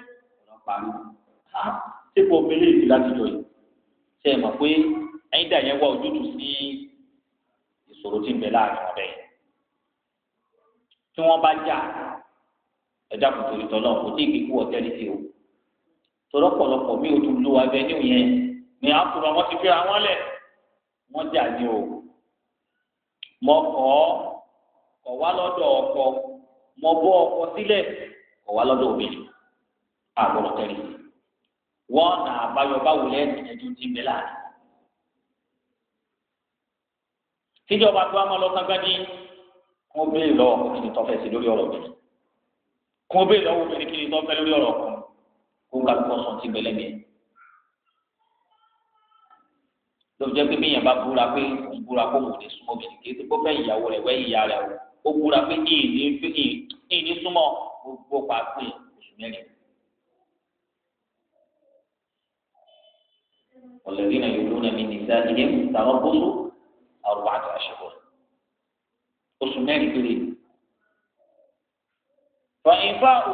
ọ̀nà pàmò ha sípò mílíọ̀nù láti jọ yìí ṣe é mọ̀ pé ẹ̀yin dà yẹn wá ojútùú sí ìṣòro tí ń bẹ láàrin wọn bẹ́ẹ̀ tí wọ́n bá jà ẹ̀dá kò torí tọ́ náà kò tí ì gbé kú ọ̀tẹ́lì tí o tọ́lọ́pọ̀lọpọ̀ mi ò tún lo abẹ́ni yẹn ni a kúrò wọn ti fira wọn lẹ̀ wọ́n jà ní o mọ kọ́ kọ̀ wá lọ́dọ̀ ọkọ mọ bọ́ ọkọ sílẹ̀ kọ̀ wá lọ́dọ̀ òbí àgbọ̀dọ̀ sí i wọ́n nà àbáyọ báwo lẹ́yìn ẹ̀jú ti ń bẹ láàrin. tíjọba tó wá máa lọ sangbadi kún bẹ́ẹ̀ lọ́wọ́ kí ni tọ́fẹ́ sí lórí ọ̀rọ̀ bìrì kún bẹ́ẹ̀ lọ́wọ́ bìrì kí ni tọ́fẹ́ lórí ọ̀rọ̀ kún kó ń kálukọ́ sọ ti bẹ̀lẹ̀ mi. lóbi jẹ́ pé bí yẹn bá búra pé òun búra kó wò lè súnmọ́ bìrì kí ó fẹ́ ìyàwó rẹ̀ wẹ́ ìyá rẹ̀ o ó búra pé ìyìn ní súnmọ́ gbogbo pàṣẹ oṣù mẹ́rin والذين يؤلون من نسائهم تربص أربعة أشهر oṣù mẹ́rin péré fàyínfà ò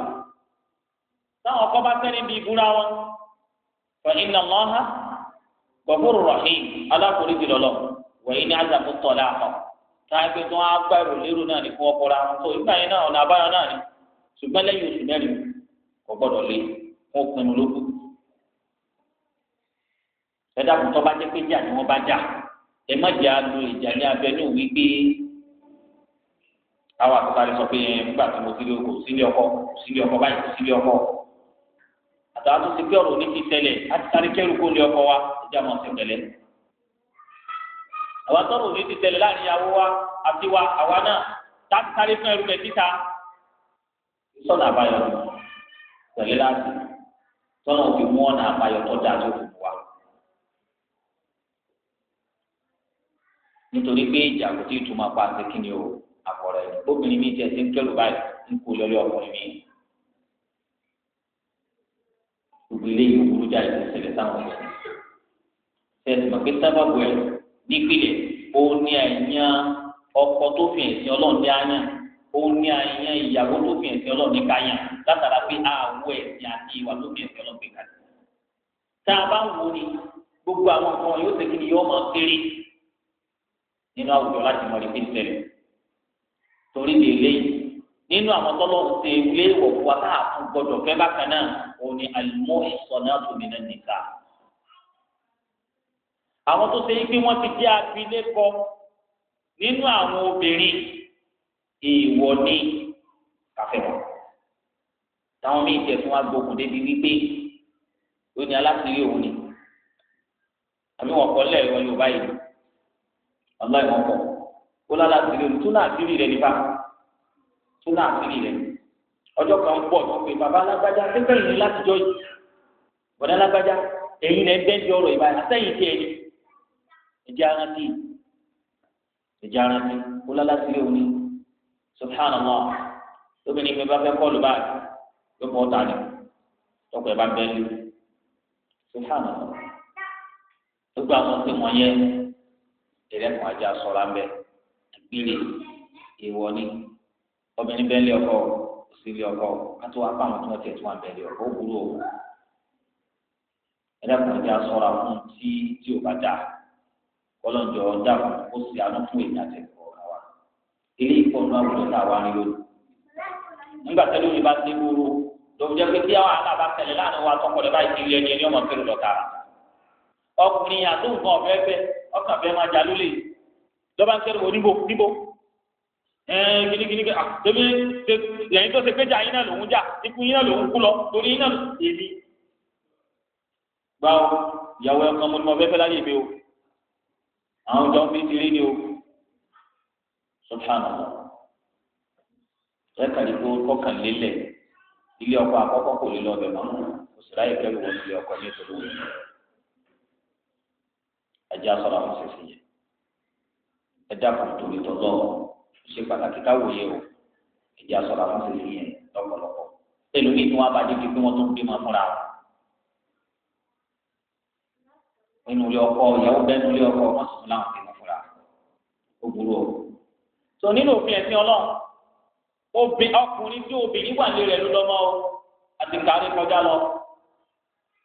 táwọn ọkọ bá tẹ́ níbi ìbúra wọn fàyínà lọ́hà gbọ̀gbọ́rò rahim alákòóríjì lọ́lọ́ wẹ̀yìn ní àjàkú tọ̀lá àkọ́ táàgbé tó wọn agbárò lérò náà ní fún ọkọra wọn tó ìgbà yẹn náà ọ̀nà àbáyọ náà ni ṣùgbọ́n lẹ́yìn oṣù mẹ́rin kò gbọ́dọ̀ lé fún òpinnu lókùn ẹ dákun tó bá jẹ́ pé jà ni wọ́n bá jà ẹ má jà lo ìjà ní abẹnú wípé àwọn àtúntàrí sọ pé nígbà tí mo sílé ọkọ sílé ọkọ sílé ọkọ báyìí sílé ọkọ àtàwọn tó ti pé ọ̀rọ̀ ní ti tẹ́lẹ̀ sáré kẹrù kó lé ọkọ wa ìjà máa ti tẹ́lẹ̀ àwọn àtọrọ ní ti tẹ́lẹ̀ láàrin ìyàwó wa àti wa àwa náà táti sáré fún ẹrú rẹ títa sọnà àbáyọ tẹ́lẹ̀ láti sọnà òfin mú ọ̀nà nítorí pé ìjà kò tí ì túmọ̀ pa ṣe kí ni o àkọ̀rẹ́ ni obìnrin mi tiẹ̀ ti ń kẹ́rù báyìí ń kó lọ́lé ọkùnrin mi. gbogbo ilé yìí burú jáde tó ṣẹlẹ̀ sáwọn ọ̀sẹ̀. sẹ́ẹ̀sì mọ̀ pé sábàbù ẹ̀ nípìnlẹ̀ ó ní àìyàn ọkọ tó fi ẹ̀sìn ọlọ́run dé àyàn ó ní àìyàn ìyàwó tó fi ẹ̀sìn ọlọ́run ní káyàn látara pé àwọ̀ ẹ̀sìn àti ìwà tó fi ẹ̀sìn ọlọ́run gbé kalẹ̀. tá a bá ń wo ni gbogbo àwọn nǹkan yóò ṣe kí ni yóò máa kéré nínú àwùjọ láti mọ ibi ìṣẹ̀lẹ̀ torí lè léyìí nínú àwọn tọ́lọ́ ń ṣe ilé ìwọ̀kú wa tá a tún gbọdọ̀ fẹ́ bákan náà òun ni àlùmọ́ ìsọ̀nà tòmìnà nìka àwọn tó ṣe yí pé wọ́n ti jẹ́ abilékọ nínú àwọn obìnrin èèwọ̀ ni kàfẹ́ wọn táwọn míì jẹ fún wa gbógun débi wípé ó ní aláṣẹ ilé òun ni àbí wọn kọ́ lẹ́ẹ̀rọ Yorùbá yìí ọlọ́ ìwọ̀n kọ̀ ó lára sílé o tún náà sílé rẹ̀ nípa tún náà sílé rẹ̀ ọjọ́ kan pọ̀ tó pé bàbá alágbájá ẹgbẹ́ ìlú láti jọ yìí bọ̀dá alágbájá èyí rẹ̀ bẹ́ẹ̀ di ọ̀rọ̀ ìbáyà sẹ́yìn tiẹ̀ ni ẹ̀jẹ̀ arántí ẹ̀jẹ̀ arántí ó lára sílé o ní subhanallah lóbìnrin mi bá fẹ́ kọ́ọ̀lù báyìí ló kọ́ ọ̀tá ni tọkọ̀ ẹ̀ bá bẹ́ẹ̀ lé subhanallah gbogbo àwọn ọ̀sẹ̀ wọ̀nyẹn ìrẹ́nu àjà sọ̀rọ̀ àmbẹ̀ àgbèrè èèwọ̀ ni obìnrin bẹ́ẹ̀ lé ọkọ òsì lé ọkọ kátó wá pàmò tí wọ́n tiẹ̀ tún àbẹ̀ lé ọkọ ó burú o ẹlẹ́kùn àjà sọ̀rọ̀ fún tí tí ò bá dà kọ́lọ́njọ́ dàrú ó sì àánú fún èmi àtẹ̀kọ́ ọ̀gá wa ilé ìkọ́nù àwùjọ tá a wá ní lónìí nígbà tẹ́lẹ̀ òní bá ti wúro lọ́wọ́ jẹ́ pé kí ọkàn fẹ́ máa jà lólè lọ́ba ń kẹ́rù oníbo níbo ẹ̀ẹ́n gínígíní kẹ́ àtẹ́bí lẹ́yìn tó ṣe pé jà yín náà lòún jà ikú yín náà lòún kú lọ torí yín náà èmi. gbà ó ìyàwó ẹ̀ kan mo ní mo fẹ́ fẹ́ láyé mi o àwọn ọjọ́ mi ti rí ni o subhanallah ẹ kàlí kó kọkàn lélẹ̀ ilé ọkọ àkọ́kọ́ kò lè lọ bẹ̀ mọ́ òṣèré ayẹkẹ́ ló wọ ilé ọkọ ní ìtòlówó yìí ẹjẹ asọ̀rọ̀ àwọn sẹ̀sẹ̀ yẹn ẹjẹ kò torí tọ́lọ́ ṣe pàtàkì káwòye o ẹjẹ asọ̀rọ̀ àwọn sẹ̀sẹ̀ yẹn lọ́pọ̀lọpọ̀ ẹlòmíì tí wọ́n abájẹ́ pé wọ́n tó ń bímọ fúnra inú ilé ọkọ ìyàwó bẹ́ẹ̀ inú ilé ọkọ wọ́n sì tún láwọn bímọ fúnra ó burú o tó nínú òfin ẹ̀sìn ọlọ́run ọkùnrin tí obìnrin wà lé rẹ̀ ló lọ́mọ o àti kàrí kọjá lọ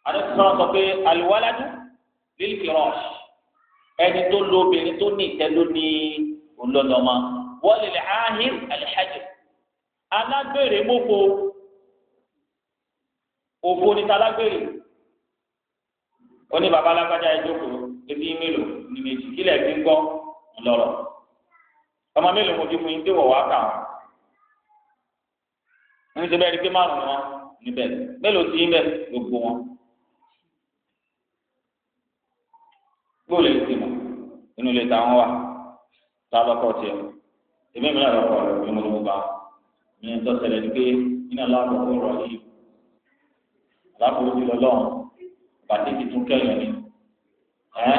àdókòsọ́nà sọ pé àlùwaládù lílì kìrọ̀ọ̀ṣì ẹni tó lo obìnrin tó ní ìtẹ́ ló ní olólọ́mọ wọ́n lè áhìn àlìhájì alágbèrè mọ́fọ́ òfò níta alágbèrè ó ní baba alágbájá ẹ jókòó ebi mélòó ní méjì kílẹ̀ fi ń gbọ́ ńlọrọ̀ ọmọ mélòó mo fi fún yín tí wọ́n wá kà ń ṣe bẹ́ẹ̀ rí pé márùn-ún wọn níbẹ̀ mélòó ti yín bẹ́ẹ̀ gbogbo wọn. inú ilé táwọn wà tá a lọ́kọ̀ tiẹ̀ èmi mìíràn lọ́kọ̀ rẹ̀ bí mo ní mo bá mi ní tó ṣẹlẹ̀ ní pé iná láàbò kó rọ̀ yìí aláàbò ti lọ lọ́hùn bàtí ti tún kẹ́yìn ni ẹ́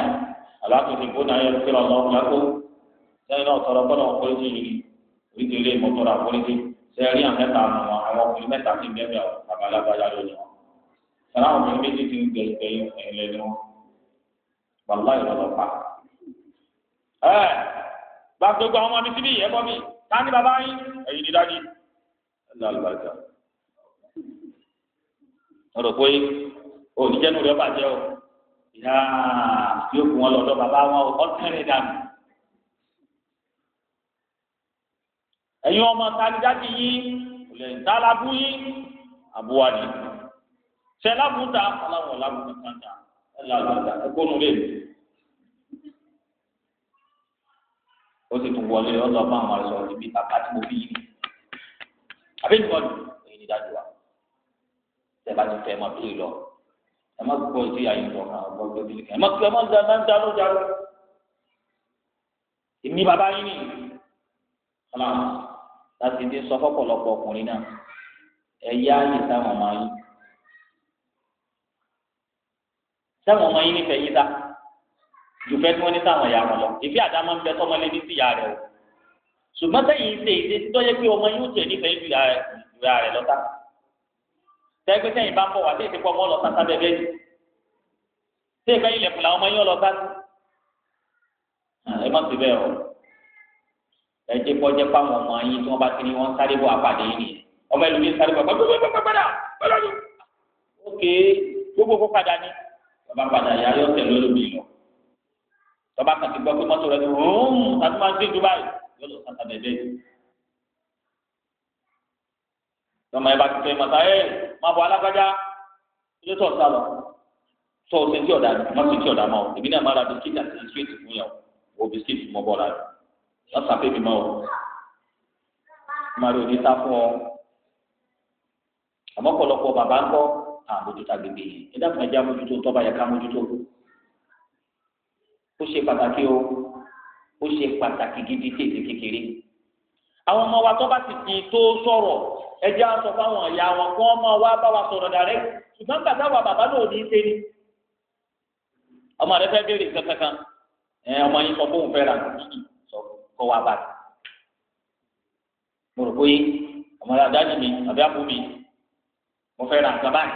aláàbò ti gbóná ayé lókè lọ́wọ́ lákó sẹ́yìn náà tọrọ kọ́ lọ́wọ́ kọ́lé tìyìn oríṣi ilé ìmọ̀tọ́ra àforíṣi sẹ́yìn rí àwọn mẹ́ta àwọn àwọn ọkùnrin mẹ́ta ti bẹ́ẹ̀ àbálágbájá lónìí ń gbẹ̀yìn gbẹ̀yìn ẹ̀yìn lẹ́nu wọn ẹ bá gbogbo àwọn ọmọ mi síbí ẹ bọ́ mi ta ni bàbá yín ẹ̀yin ni dájú lálùbàjá ọ̀rọ̀ pé oníjẹ́nu rẹ̀ bàjẹ́ o ìyá yóò fún wọn lọ́dọ̀ bàbá wọn ọ̀tẹ̀rẹ̀ dànù. ẹ̀yin ọmọ tanidájì yín kò lè dá lábú yín àbúwá ni ṣe lábúta aláwọ̀ lábúta kàńtà ẹ̀ lálùbàjá ẹ̀ kónú lè mi. ó sì tún wọlé lọ́dọ̀ fún àwọn àìsàn níbi bàbá tí mo fi yí ni àbí nìkan èyí ni dájú wa tẹ́lá ti fẹ́ ẹ má tó ìlọ ẹ má gbọ́ sí àyè ìlọ kan ọgbọ́n tó ti lè kẹ́ ẹ má kí ẹ má da ẹ má da ló da ló èmi bàbá yín ni ọ̀nà láti dé sọ fọ́pọ̀lọpọ̀ ọkùnrin náà ẹ yá àyè sáwọn ọmọ yín sáwọn ọmọ yín nífẹ̀ẹ́ yín sá ju fẹ́ tí wọ́n ní sáwọn ìyá wọn lọ ìfẹ́ àdámọ́ ń bẹ sọmọ lé ní sí ìyá rẹ o ṣùgbọ́n sẹ́yìn ṣe èdè tó yẹ pé ọmọ yóò tẹ̀ nífẹ̀ẹ́ ju ìyá rẹ lọ́tà sẹ́gbẹ́ sẹ́yìn bá ń bọ̀ wá sí ìsìnkú ọmọ lọ́tà sábẹ́ bẹ́ẹ̀ ni sí ìfẹ́ ilẹ̀kùn làwọn ọmọ yóò lọ́tà ẹ má ti bẹ́ẹ̀ o ẹ jẹ́ kó jẹ́ fáwọn ọmọ yín tí wọ́n bá ti ní wọ́n sáré bọ̀ àpàdé yìí ọmọ ẹlòmí sáré bọ̀ gbogbo kó padà ní tọ́ba kan ti gbọ́ pé mọ́tò rẹ̀ ti hùm tàbí máa ń dín dubai yóò lọ sàtà bẹ̀bẹ̀. tọ́mọ ẹ bá ti fẹ́ mọ́tà ẹ̀ má bọ̀ alágbájá ilé tó sá lọ tó o ṣe tí ọ̀dà má ṣe tí ọ̀dà mọ́ o èmi náà má ra bisikíìtì àti bisikíìtì fún yàwó o bisikíìtì mọ́ bọ́ọ̀lá rẹ̀ wọ́n sàfẹ́ mi mọ́ o mari òní sá fún ọ àmọ́ pọ̀lọpọ̀ bàbá ń kọ́ àbójútó agbègbè yẹn ẹ dákun ẹ jẹ́ àmójútó tọ́ba yẹ ká mójútó ó ṣe pàtàkì o ó ṣe pàtàkì gidi tètè kékeré àwọn ọmọ wa tó bá ti di tó sọ̀rọ̀ ẹ jẹ́ á sọ fáwọn ìyá wọn kó ọmọ wa bá wa sọ̀rọ̀ dàrẹ́ ṣùgbọ́n gbàtà wa bàbá náà ní í ṣe ni ọmọ rẹ fẹ́ béèrè kankan ẹ ọmọ yìí sọ fóun fẹ́ rà nìyí sọ kọ́ wa bá mo rò pé ọmọ rẹ adájú mi àbí àbú mi mo fẹ́ rà nǹkan báyìí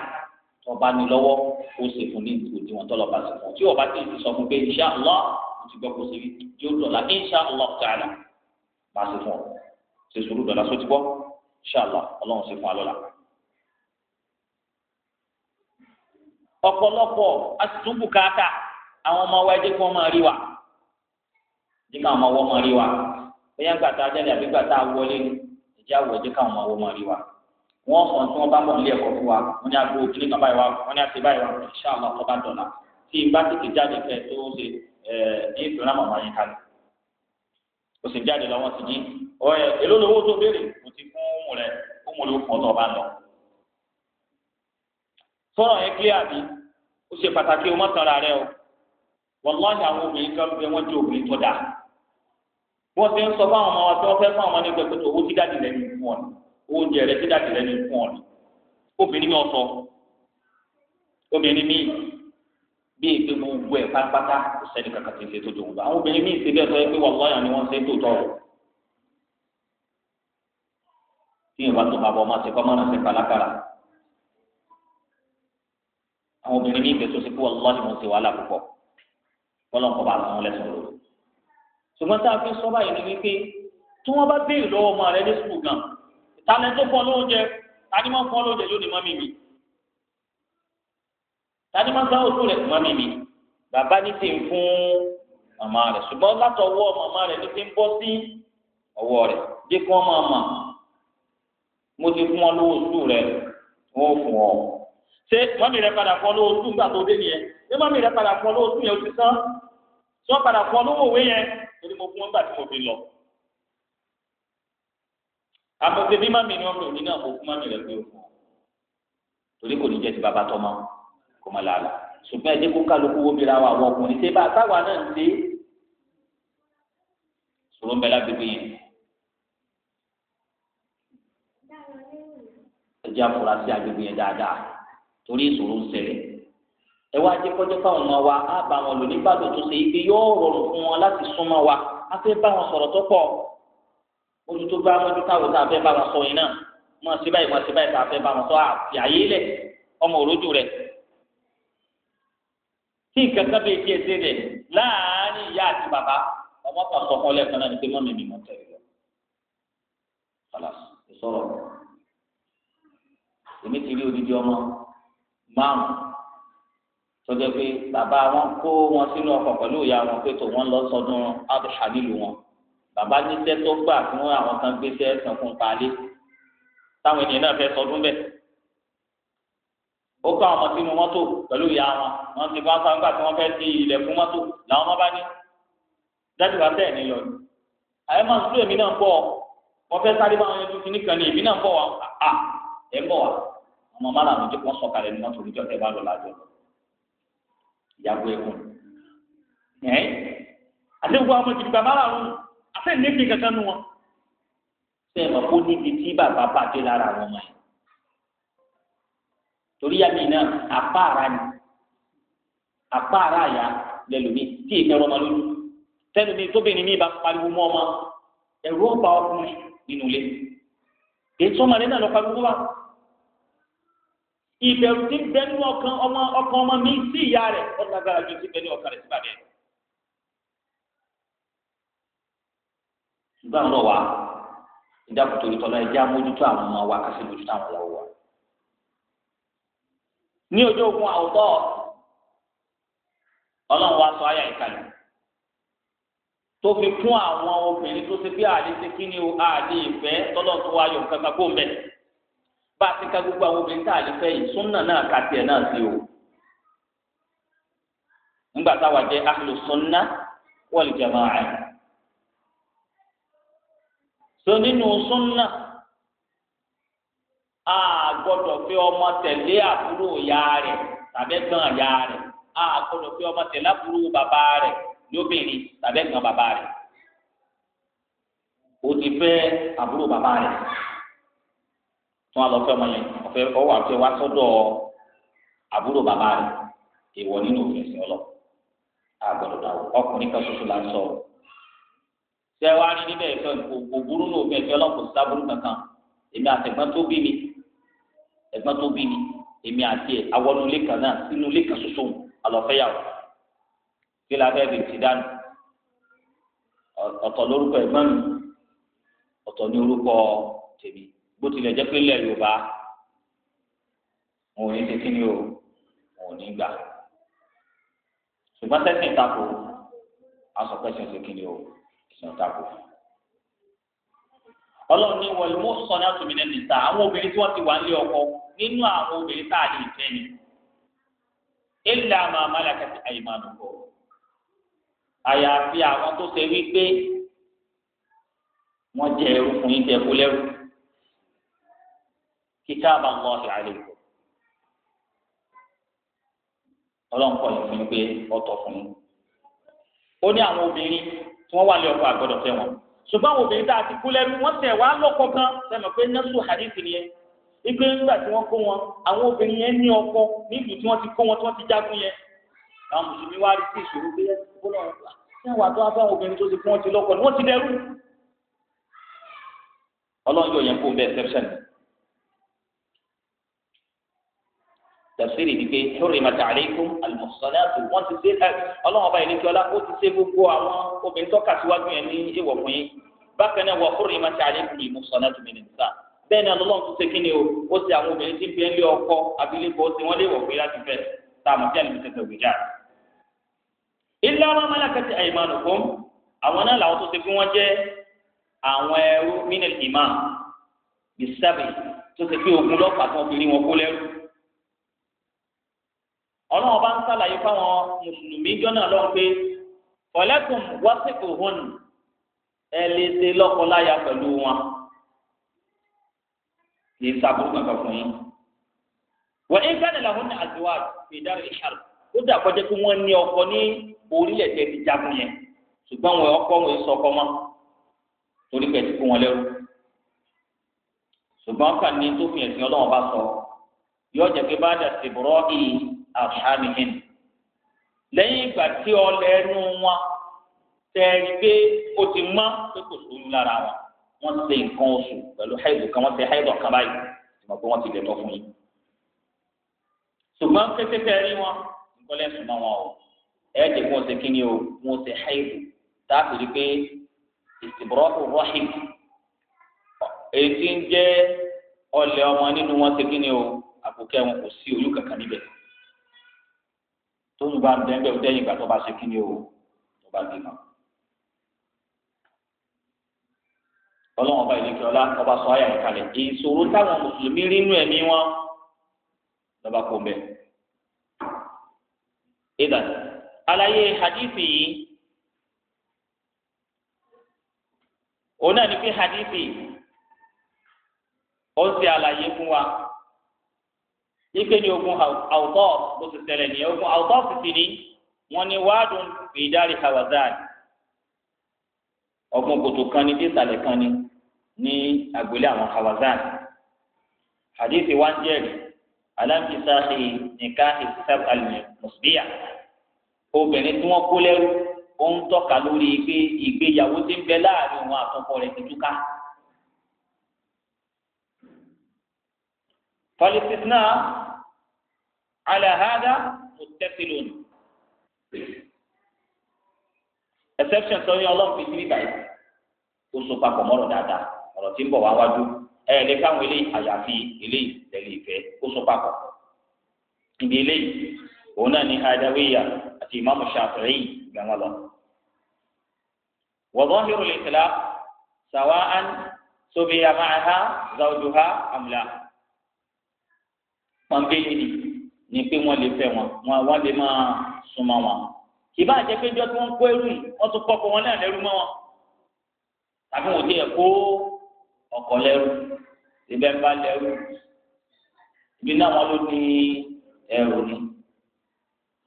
ọba ní lọ́wọ́ kó o ṣe fún ní òdiwọ̀n tọ́lọ̀ bá ṣe fún ọ tí ọba tí ì sọ fún pé insha Allah mo ti gbọ́ kó o ṣe rí yóò dọ̀la insha Allah ta'ala máa ṣe fún ọ ṣe sùúrù dọ̀la só ti gbọ́ insha Allah ọlọ́run ṣe fún alọ́la. ọ̀pọ̀lọpọ̀ asùnbùkátà àwọn ọmọ wa ẹjẹ́ kí wọ́n máa rí wa ẹjẹ́ káwọn ọmọ wọn máa rí wa bóyá gbàtà ajẹ́lẹ̀ àbí gbàtà wọlé ẹjẹ́ wọ́n sọ tí wọ́n bá mọ̀ nílé ẹ̀kọ́ fún wa wọ́n ní agbo òkìlẹ̀ kan báyìí wa wọ́n ní àti báyìí wa ṣá àwọn ọkọ̀ bá dọ̀la tí n bá tètè jáde fẹ́ tó ṣe ẹ̀ ní ìtura màmá yín kalẹ̀ o sì jáde lọ́wọ́ ti ní ọ ẹ èló lówó tó béèrè mo ti fún òmù rẹ òmù rẹ òkun ọ̀tọ̀ ọba lọ. sọ̀rọ̀ yẹn kílẹ̀ àbí ó ṣe pàtàkì ọmọ tanra rẹ o wọ́n àwọn obìnrin kan bẹ wọ́n jẹ́ obìnrin tó dáa wọ́n ti ń sọ fáwọn ọmọ wa tí wọ́n fẹ́ oúnjẹ rẹ tí dàtí rẹ ní fún ọ ni obìnrin yóò sọ obìnrin míì bí èké gbogbo ẹ pátápátá kò sẹ́ni kàkà tí ń ṣe tó dòwò bá àwọn obìnrin míì ṣe bẹ́ẹ̀ sọ pé wàlúwàyà ni wọ́n ṣe tó tọ̀ tí ìwà tó bàbá ọmọ àti pàmò àti pàlákàrà àwọn obìnrin míì bẹ́ẹ̀ tó ṣe pé wàlúwàyà ni wọ́n ṣe wàhálà púpọ̀ kọ́lọ́kọ́ bá àwọn lẹ́sùn lò ṣùgbọ́n tá a fi sọ báyìí ni wípé tí wọ́n bá béèrè lọ́wọ́ ọmọ rẹ ní sùkúù gan-an tani tó fún ọ lóúnjẹ tani máa ń fún ọ lóúnjẹ yóò ní mọ́ mímì tani máa ń sáwọ́ tó rẹ̀ mọ́ mímì bàbá ní ti ń fún màmá rẹ̀ ṣùgbọ́n látọwọ́ màmá rẹ̀ ní ti ń bọ́ sí ọwọ́ rẹ̀ dé kí wọ́n máa mọ̀ mo ti fún ọ lówó oṣù rẹ̀ wọ́n fún ọ ṣé mọ́mì rẹ̀ padà fún ọ nígbà tó dé nìyẹn ṣé mọ́mì rẹ̀ padà fún ọ yẹn o ti sán ṣé wọ́n padà fún ọ lówó òwe yẹn mo fún ọ nígbà tí mo fi lọ àpèsè bí mami ni wọn lò ní náà kó fún mami rẹ gbé fún ọ torí kò ní jẹ ti bàbá tọmọ kò mọ làálà ṣùgbọ́n ẹdín kó kálukú wo mìíràn wà wọn ọkùnrin ṣé bá a sáwà náà ń ṣe sọ̀rọ̀ ń bẹ lágbègbè yẹn. ẹ jẹ́ àfúrásì agbègbè yẹn dáadáa torí ìṣòro ń ṣẹlẹ̀ ẹ wá jẹ́ kọjọ́ káwọn ọmọ wa á bá wọn lò nígbà tó tó ṣe é pé yóò rọrùn fún wọn láti súnmọ́ wa á fẹ́ bá wọn sọ̀rọ̀ tó pọ̀ mójútó bá mójú táwọn tá a fẹ́ bá wọn sọ yìí náà mọ̀ sí báyìí mọ̀ sí báyìí tá a fẹ́ bá wọn sọ àti àyè lẹ̀ ọmọ òrójú rẹ̀ tí nǹkan kan bẹ́ẹ̀ díẹ̀ sí rẹ̀ láàárín ìyá àti bàbá ọmọ kan sọ fún ọlẹ́kan náà ní pé mọ́mí mi mọ̀ tẹ̀lé lọ. kàlàsì sọ̀rọ̀ èmi ti rí odidi ọmọ márùn-ún pé bàbá wọn kó wọn sínú ọkọ̀ pẹ̀lú ìyá wọn pé tò wọ́n lọ sọdún abdulhamidu wọn bàbá níṣẹ́ tó gbà fún àwọn kan gbéṣẹ́ san fún palẹ táwọn ènìyàn náà fẹ́ sọdún bẹ́ẹ̀ ó kọ àwọn ọmọ sínú mọ́tò pẹ̀lú ìyá wọn wọn ti bá ń fa nígbà tí wọ́n fẹ́ ti ilẹ̀ fún mọ́tò làwọn ọmọ bá ní jáde wá bẹ́ẹ̀ nílò ni àyẹ máa ń sún èmi náà bọ̀ wọ́n fẹ́ sáré báwọn yanjú kí nìkan ni èmi náà bọ̀ wá à ẹ̀ bọ̀ wá ọmọ má làwọn ojú kan sọ kalẹ̀ ní mọ́tò níjọ́ tẹ́ bá afẹ́ méjì kankan nu wọn ṣe é mọ̀ kó níbi tí bàbá bàjẹ́ lára àwọn ọmọ yẹn torí àmì náà apá ara ni apá ara àyà lẹ́lòmí tí èyí fẹ́ràn ọmọ lójú tẹ́lòmí tóbìnrin mi bá pariwo mọ́ ọmọ ẹ̀rú ọ̀pá ọkùnrin nínú ilé èyí tó máa lé náà lọ pariwo wá ìbẹ̀rù tí bẹ́ẹ̀ ní ọkàn ọmọ ọkàn ọmọ mi sí ìyá rẹ̀ ọ̀dàgbàrà ju ti bẹ́ẹ̀ ní ọkàn rẹ̀ sí ìgbà náà wà ìdákùtò ìtọ́lá ẹja mójútó àwọn ọmọ wa kásì mójútó àwọn ọmọ wa. ní ojú ogun àwùjọ ọlọ́run wa sọ ayà ìkàlẹ̀ tó fi kún àwọn obìnrin tó ṣe bí àlè ṣe kí ni àlè ìfẹ́ tọ́lọ́run tó wá yọ kó mbẹ́ bá a ti ka gbogbo àwọn obìnrin tá a lè fẹ́ yìí súnà náà ka tiẹ̀ náà sí o nígbà táwa jẹ́ ahlu sunna wal jamaa àyè tó nínú súnà a gbọ́dọ̀ fi ọmọ tẹ̀lé àbúrò ya rẹ̀ tàbí gan ya rẹ̀ a gbọ́dọ̀ fi ọmọ tẹ̀lé àbúrò bàbá rẹ̀ lóbìnrin tàbí gan bàbá rẹ̀ o ti fẹ́ àbúrò bàbá rẹ̀ tún a lọ fẹ́ ọmọ yẹn ọfẹ ọwọ́ àti wa sọ́dọ̀ àbúrò bàbá rẹ̀ èèwọ̀ nínú òfin ẹsẹ ọlọ a gbọ́dọ̀ dà ọkùnrin kan ṣoṣo la sọ ṣe wá rí níbẹ̀ ìfẹ́ kò burú ní òfin ẹ̀fẹ́ ọlọ́pàá sí sábúrú kankan èmi àtẹ̀gbọ́n tó bí mi ẹ̀gbọ́n tó bí mi èmi àti ẹ̀ awọ́nú ilé kan náà sínú ilé kan ṣoṣo àlọ́fẹ́yàwó kí la fẹ́ fi ti dànù ọ̀tọ̀ lórúkọ ẹ̀gbọ́n mi ọ̀tọ̀ ní orúkọ tèmi bó tilẹ̀ jẹ́ pé ilẹ̀ Yorùbá òun ní títí ní o òun ní gbà ṣùgbọ́n sẹ́sìn ìtakò asọ̀pẹ́sìn ṣe kí ni o ìsìn ọ̀tàkù. ọlọ́run ní wọlé mú sọ náà tòmínà nìta àwọn obìnrin tí wọ́n ti wà ń lé ọkọ nínú àwọn obìnrin tá a lè fẹ́ ni. ilà máa má làkàtì àyèmánukọ. àyàfi àwọn tó ṣe wípé wọ́n jẹ ẹrú fún yín tẹ̀kú lẹ́rú. kíkà bá ń lọ sí àlejò. ọlọ́run kọ́ yìí fún yín pé ọ̀tọ̀ fún yín. ó ní àwọn obìnrin tí wọ́n wà ní ọkọ àgbọ̀dọ̀ fẹ́ wọn. ṣùgbọ́n obìnrin tá a ti kú lẹ́nu wọ́n tẹ̀ wá lọ́kọ kan sẹ́mi pé nẹ́sù hadith nìyẹn ipe nígbà tí wọ́n kó wọn àwọn obìnrin yẹn ní ọkọ níbi tí wọ́n ti kó wọn tí wọ́n ti jagun yẹn àwọn mùsùlùmí wá rí sí ìṣòro pé ẹ̀wọ̀n àti wọn fáwọn obìnrin tó ti kó wọn ti lọ́kọ ni wọ́n ti dẹrú. ọlọ́run yóò yẹn kó bẹ́ẹ̀ exception tafsiri bíi pé hurrimat alaykum al-muhsanat wọ́n ti ṣe ẹ ọlọ́wọ́n báyìí ní kí ọlá ó ti ṣe gbogbo àwọn obìnrin tọ́ka síwájú yẹn ní ìwọ̀ fún yín bákan náà wọ hurrimat alaykum al-muhsanat min an-nisa bẹ́ẹ̀ ni ọlọ́wọ́n tún ṣe kí ni o ó ṣe àwọn obìnrin tí ń bẹ́ẹ̀ lé ọkọ abilékọ ó ṣe wọ́n lé wọ̀ pé láti fẹ́ tá a mọ̀ sí àlùmí ọlọ́run bá ń sàlàyé fáwọn mùsùlùmí jọ́nà lọ pé ọ̀lẹ́kùn wọ́sìkò hùn ẹ lè ṣe lọ́kọláya pẹ̀lú wọn kì í sàbúrú kankan fún yín. wọ́n ń fẹ́ràn làwọn ní àdúrà ìdárí ìṣàlù ó dà kọjá pé wọ́n ní ọkọ ní orílẹ̀-èdè ti yẹn ṣùgbọ́n wọn ọkọ wọn sọ ọkọ mọ́ torí pẹ̀lú kó wọn lẹ́rú ṣùgbọ́n kàn tó fi ẹ̀sìn ọlọ́run bá sọ yóò jẹ́ pé bá dà sí arhamihin lẹ́yìn ìgbà tí ọlẹ̀ ẹnu wọn tẹ̀rí pé ó ti mọ́ pé kò sóyún lára wọn wọ́n ṣe nǹkan oṣù pẹ̀lú haidu kan wọ́n ṣe haidu kan báyìí ìmọ̀ pé wọ́n ti dẹ̀tọ̀ fún yín. ṣùgbọ́n kété tẹ rí wọn nǹkan lẹ́sùn mọ́ wọn o ẹ̀ẹ́dẹ̀ kí wọ́n ṣe kí ni o wọ́n ṣe haidu táàpù pé ìsìbúrọ́pù rọ́hìm èyí tí ń jẹ́ ọlẹ̀ ọmọ nínú wọn ṣe kí o àbùkẹ́ wọn kò sí oyún kankan níbẹ̀ tóbi bá ń dẹ́ńbẹ́ ó dẹ́yìn ìgbà tó bá ṣe kí ni o tó bá gbé náà. ọlọ́run ọba ìlú kíọ́lá ọba sọ ayà ìkàlẹ̀ ìṣòro táwọn mùsùlùmí rí inú ẹ̀mí wọn lọ́ba kó mbẹ́. ìdá àlàyé hadithi yìí òun náà ní pé hadithi ó ń ṣe àlàyé fún wa ike ni ogun awutọọf bó ti ṣẹlẹ̀ ní ogun awutọọf ti ní wọn ni wàádùn fìdárì hawazan ọgbọn kòtò kan ní dísàlẹ̀ kan ní ní àgbélé àwọn hawazan hadithi wa ń jẹ́rìí alámísáàkì nìkáàkì sáb alimusbiya obìnrin tí wọn kó lẹ́rú ó ń tọ́ka lórí ìgbéyàwó ti ń bẹ láàrin òun àtọkọ rẹ̀ ti túká. فالاستثناء على هذا متصل exception sọ yín ọlọ́run fi síbí báyìí ó so papọ̀ mọ́rọ̀ dáadáa ọ̀rọ̀ tí ń bọ̀ wá wájú ẹ lè káwọn eléyìí àyàfi eléyìí tẹ̀lé ìfẹ́ ó so papọ̀ ibi eléyìí òun náà ní adawiya àti ìmáàmù Shafi'i ìgbà wọn lọ. wọ́n hírò lè tẹ̀lá sàwọn án sóbi àmà àhá zawjuha amla. wọn bẹ níbi ni pé wọn lè fẹ́ wọn wọn wọn lè máa súnmọ́ wọn ìbá jẹ́ pé jọ tí wọn kó ẹrú yìí wọn tún kọkọ wọn náà lẹ́rú mọ́ wọn tàbí wọn ò tiẹ̀ kó ọkọ lẹ́rú ibẹ̀ ń bá lẹ́rú ibi náà wọn ló ní ẹrù ni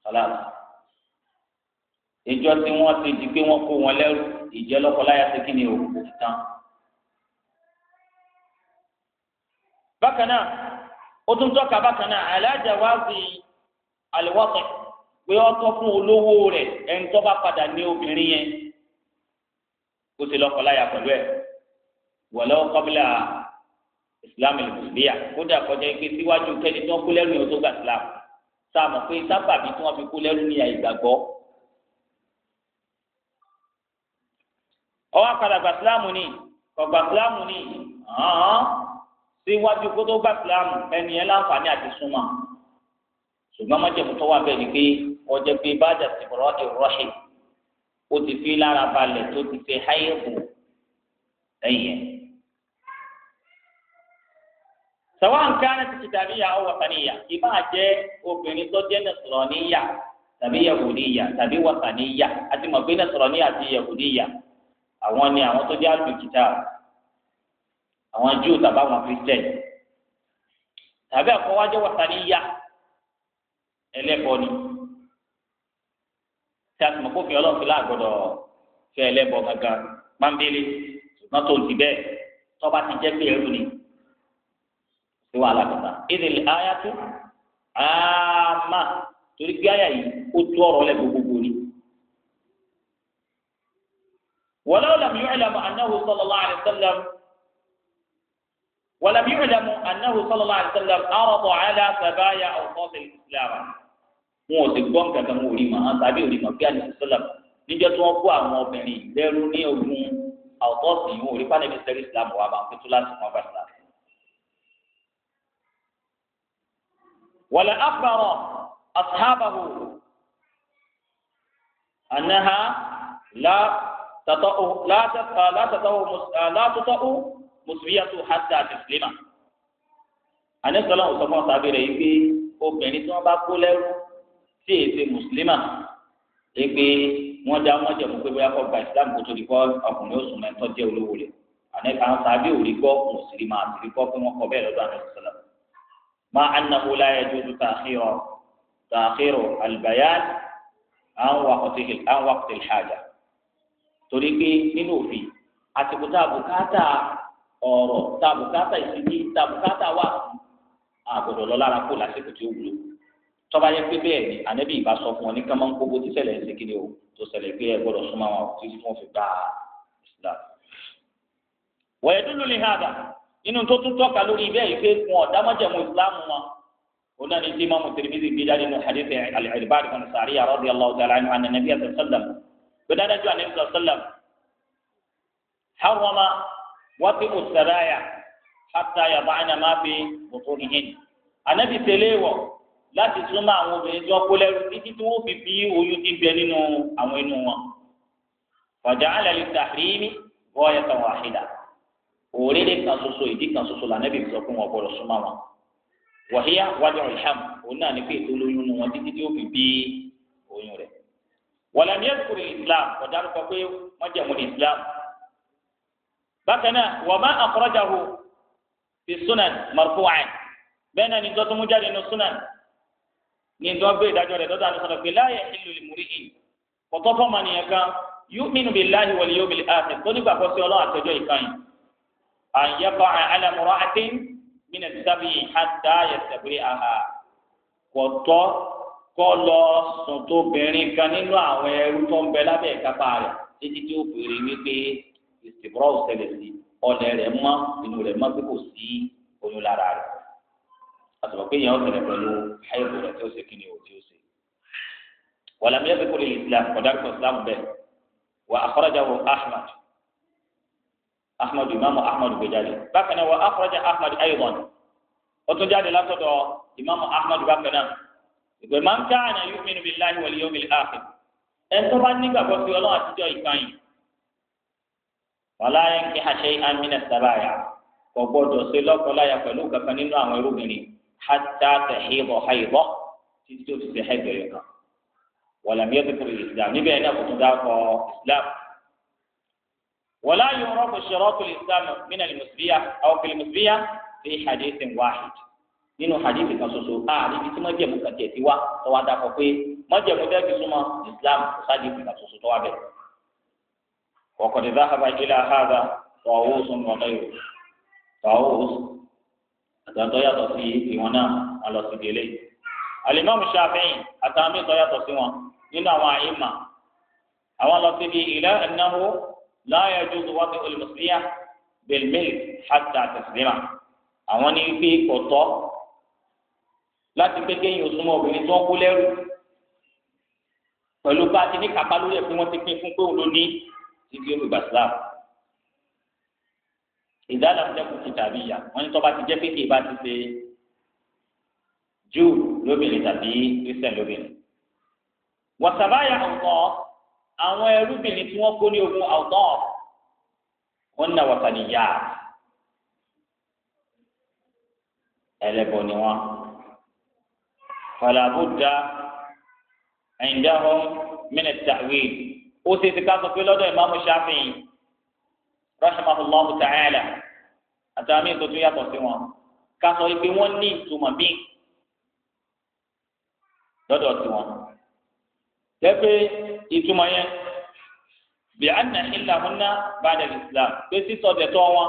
ọlọ́pàá ìjọ tí wọn ti di pé wọn kó wọn lẹ́rú ìjẹ lọ́kọláya ti kí ni òkú tán bákan náà ó tún tọ́ka bákan náà alájàwáàzì àlùwọ́sẹ̀ pé ó tọ́ fún olówó rẹ̀ ẹni tó bá padà ní obìnrin yẹn kó ṣe lọ́kọ láya pẹ̀lú ẹ̀ wọ̀lẹ́ kọ́bílà ìsìlámù ìbùsùlíyà kódà kọjá pé síwájú kẹ́ni tó ń kú lẹ́rù yẹn tó gbà sílámù sáà mọ̀ pé sábàbí tí wọ́n fi kú lẹ́rù ní àìgbàgbọ́ ọwọ́ padà gbà sílámù ni kọ̀gbà sílámù ni síwájú kó tó gbà sílámù ẹni yẹn láǹfààní àti súnmọ́ ṣùgbọ́n májèmú tó wà bẹ́ẹ̀ ni pé ọjọ́ pé bájà ti bọ̀rọ̀ ti rọ́ṣì ó ti fi lára balẹ̀ tó ti fi háyẹ̀kù ẹ̀yẹ. sọ̀wọ́n nǹkan ti ti dàbí ìyá ọwọ́ sàníyà ìbá jẹ́ obìnrin tó jẹ́ nẹ̀sọ̀rọ̀ níyà tàbí yahudiyya tàbí wàsàníyà àti mọ̀gbẹ́ níyà àti yahudiyya àwọn ni àwọn tó jẹ́ àlùkìtà àwọn Júù tàbí àwọn Kírísítẹ́nì tàbí àkọwájẹ́ wàtàníyà ẹlẹ́bọ ni tí a sì mọ̀ kófin ọlọ́run fi láàgbọ́dọ̀ fẹ́ ẹlẹ́bọ gangan pàmbélé ṣùgbọ́n tó ń ti bẹ́ẹ̀ tọ́ba ti jẹ́ pé ẹrú ni ṣé wàhálà kàtà ìdílé ayatu àmà torí pé àyà yìí ó tú ọ̀rọ̀ lẹ́ gbogbogbò ni. wọ́n lọ́wọ́ làmúyọ́ ẹ̀ lọ́mọ anáwó sallallahu alaihi wasallam. ولم يعلم أنه صلى الله عليه وسلم عرض على سبايا أوساط الإسلام wọn ò sì gbọ́n kankan wọn ò rí màá tàbí ò rí màá bí àdìsí sọ́là níjọ́ tí wọ́n kó àwọn obìnrin lẹ́rú ní ogun àwòtọ́sì wọn ò rí pálẹ̀ bíi sẹ́rí ìsìlámù wa máa ń pẹ́tù láti wọn bá ìsìlámù. wàlẹ̀ àbàrọ̀ àtàbàwò ànáhà látàtàwò mùsùlùmíyàtò hàtà tìsílẹ̀mà àníṣọlá òsọ fún ọ̀sà abẹ́rẹ́ yìí pé obìnrin tí wọ́n bá kó lẹ́rú sí èsè mùsùlùmá ẹ pé wọ́n dá wọ́n jẹ̀mú pé bóyá kọ́ gba islam kó tó di kọ́ ọkùnrin oṣù mẹ́tọ́ jẹ́ olówó rẹ̀ àníṣọ àwọn sàbí ò rí gbọ́ mùsùlùmá àti rí gbọ́ pé wọ́n kọ́ bẹ́ẹ̀ lọ́dọ̀ àníṣọlá ma anahu la yajuzu ta'khiru ta'khiru albayan an waqtihi an torí pé nínú òfin àtìkútà bùkátà ọ̀rọ̀ tabukata ìsinmi tabukata wa àgọ̀dọ̀ lọ lára kó lásìkò tí ó wúlò tọ́ba yẹ pé bẹ́ẹ̀ ni ànábì ìbá sọ fún ọ ní kánmọ́ ń kó bó ti ṣẹlẹ̀ ṣe kí ni o tó ṣẹlẹ̀ pé ẹ gbọ́dọ̀ súnmọ́ àwọn àwọn títí wọ́n fi gba Islam. wọ̀nyẹ dúró ní hàdà inú tó tún tọ́ka lórí ibẹ̀ yìí pé fún ọ̀dámọ́jẹ̀mú Islam wọn ó náà ní tíma mùtìrìmìtì gbé nínú hadith al kan sàárì àròdì aláwọ̀ dàlá ní ànàbí àti sàlám gbẹdájú ànàbí sàlám watimu saraya hatta yabana ma fi butunihin anabi selewo láti súnmọ́ àwọn obìnrin tó kó lẹ́rú títí tí wọ́n fi bí oyún ti bẹ nínú àwọn inú wọn fàjà alẹ́lẹ́ tàhírí wọ́ọ̀yẹ kan wàhídà kan ṣoṣo ìdí kan ṣoṣo lànàbì sọ fún wọn gbọdọ̀ súnmọ́ wọn wàhíyá wájú ìhàm òun náà ní pé ètò olóyún nu wọn títí tí ó fi bí oyún rẹ̀ wàlàmíyẹ́sùkúrì islam ọ̀dà ń sọ pé wọ́n islam bákan náà wà má àkọ́rọ́jàwò fi sunan marfu'an bẹ́ẹ̀ náà ni dọ́tún mú jáde nínú sunan ní dọ́ gbé ìdájọ́ rẹ̀ dọ́tún àdúgbò pé la yahillu li muri'in kọ́tọ́ fọ́ mànìyàn kan yu'minu billahi wal yawmil akhir tó nígbà kọ́ sí ọlọ́run àtọ́jọ́ ìkan yìí an yafa'a ala mura'atin min as-sab'i hatta yastabri'aha kọ́tọ́ kọ́ lọ sùn kan nínú àwọn ẹrú tó ń bẹ lábẹ́ ìkápá rẹ̀ títí tí ó fèrè wípé ìsìnkúrọ̀ ọ̀sẹ̀lẹ̀ sí ọ̀lẹ̀ rẹ̀ mọ́ inú rẹ̀ mọ́ pé kò sí oyún lára rẹ̀ àtọ̀bọ̀ pé yẹn ọ̀sẹ̀lẹ̀ pẹ̀lú ayẹ̀wò rẹ̀ tí ó ṣe kíni o tí ó ṣe. wàlámi yẹn fi kúrò islam kọ̀dáàkì islam bẹ́ẹ̀ wà àkọ́rọ́jáwò ahmad ahmad imaamu ahmad gbé jáde bákan náà wà àkọ́rọ́já ahmad ayọ̀bọ̀n ó tún jáde látọ̀dọ̀ imaamu ahmad bákan náà ìgbẹ́ wàlá yẹn kí àṣẹ amínà sábàyà kò gbọdọ̀ ṣe lọ́kọláya pẹ̀lú kankan nínú àwọn irúgbìnrin hátà tẹ̀hìbọ̀ hàìbọ̀ títí tó fi ṣe hẹ́gbẹ̀ yọ kan wàlámi yẹn tó kúrò islam níbẹ̀ náà kò tún dákọ̀ islam wàlá yóò rọ́pò ṣèrọ́pò islam mínà lùmùsùlùyà àwọn kìlìmùsùlùyà fi hadithin wahid nínú hadithi kan ṣoṣo a níbi tí mọ́jẹ̀mú kan tiẹ̀ ti wá tọ́wá dákọ̀ pé mọ́jẹ̀mú tẹ́ fi وقد ذهب إلى هذا طاووس وغيره طاووس أتطيع تصيه ونا على سبيله الإمام الشافعي أتامي طيع تصيه إلا وعيما أولا سبي إلى أنه لا يجوز وضع المصلية بالملك حتى تسلمه àwọn ní fi kọtọ láti pé kéèyàn súnmọ́ obìnrin tó ń kú lẹ́rù pẹ̀lú bá a ti ní kápá lórí ẹ̀ wọn ti pín fún pé òun ló ní tí kí ó gbà sílámù ìdáàlà ń dẹ́kun ti tàbí ìyá wọn ní tó bá ti jẹ́ pé kì í bá ti ṣe júù lóbìnrin tàbí kristian lóbìnrin. wàsàbáyà ọ̀tọ̀ àwọn ẹrúbìnrin tí wọ́n kó ní ogun ọ̀tọ̀ wọn nà wàsàníyà ẹlẹ́bọ ni wọ́n. fàlàbùdà ẹ̀ńdáhùn mínẹ̀tàwé ó ṣe ti ká sọ pé lọ́dọ̀ ìmáàmù Ṣáfi'í rahimahullahu ta'ala àtàwọn míì tó tún yàtọ̀ sí wọn ká sọ pé wọ́n ní ìtumọ̀ míì lọ́dọ̀ tí wọn. Jẹ́pé ìtumọ̀ yẹn bí a nà ilà húnná bá dẹ̀ islam pé sísọ dẹ̀tọ́ wọn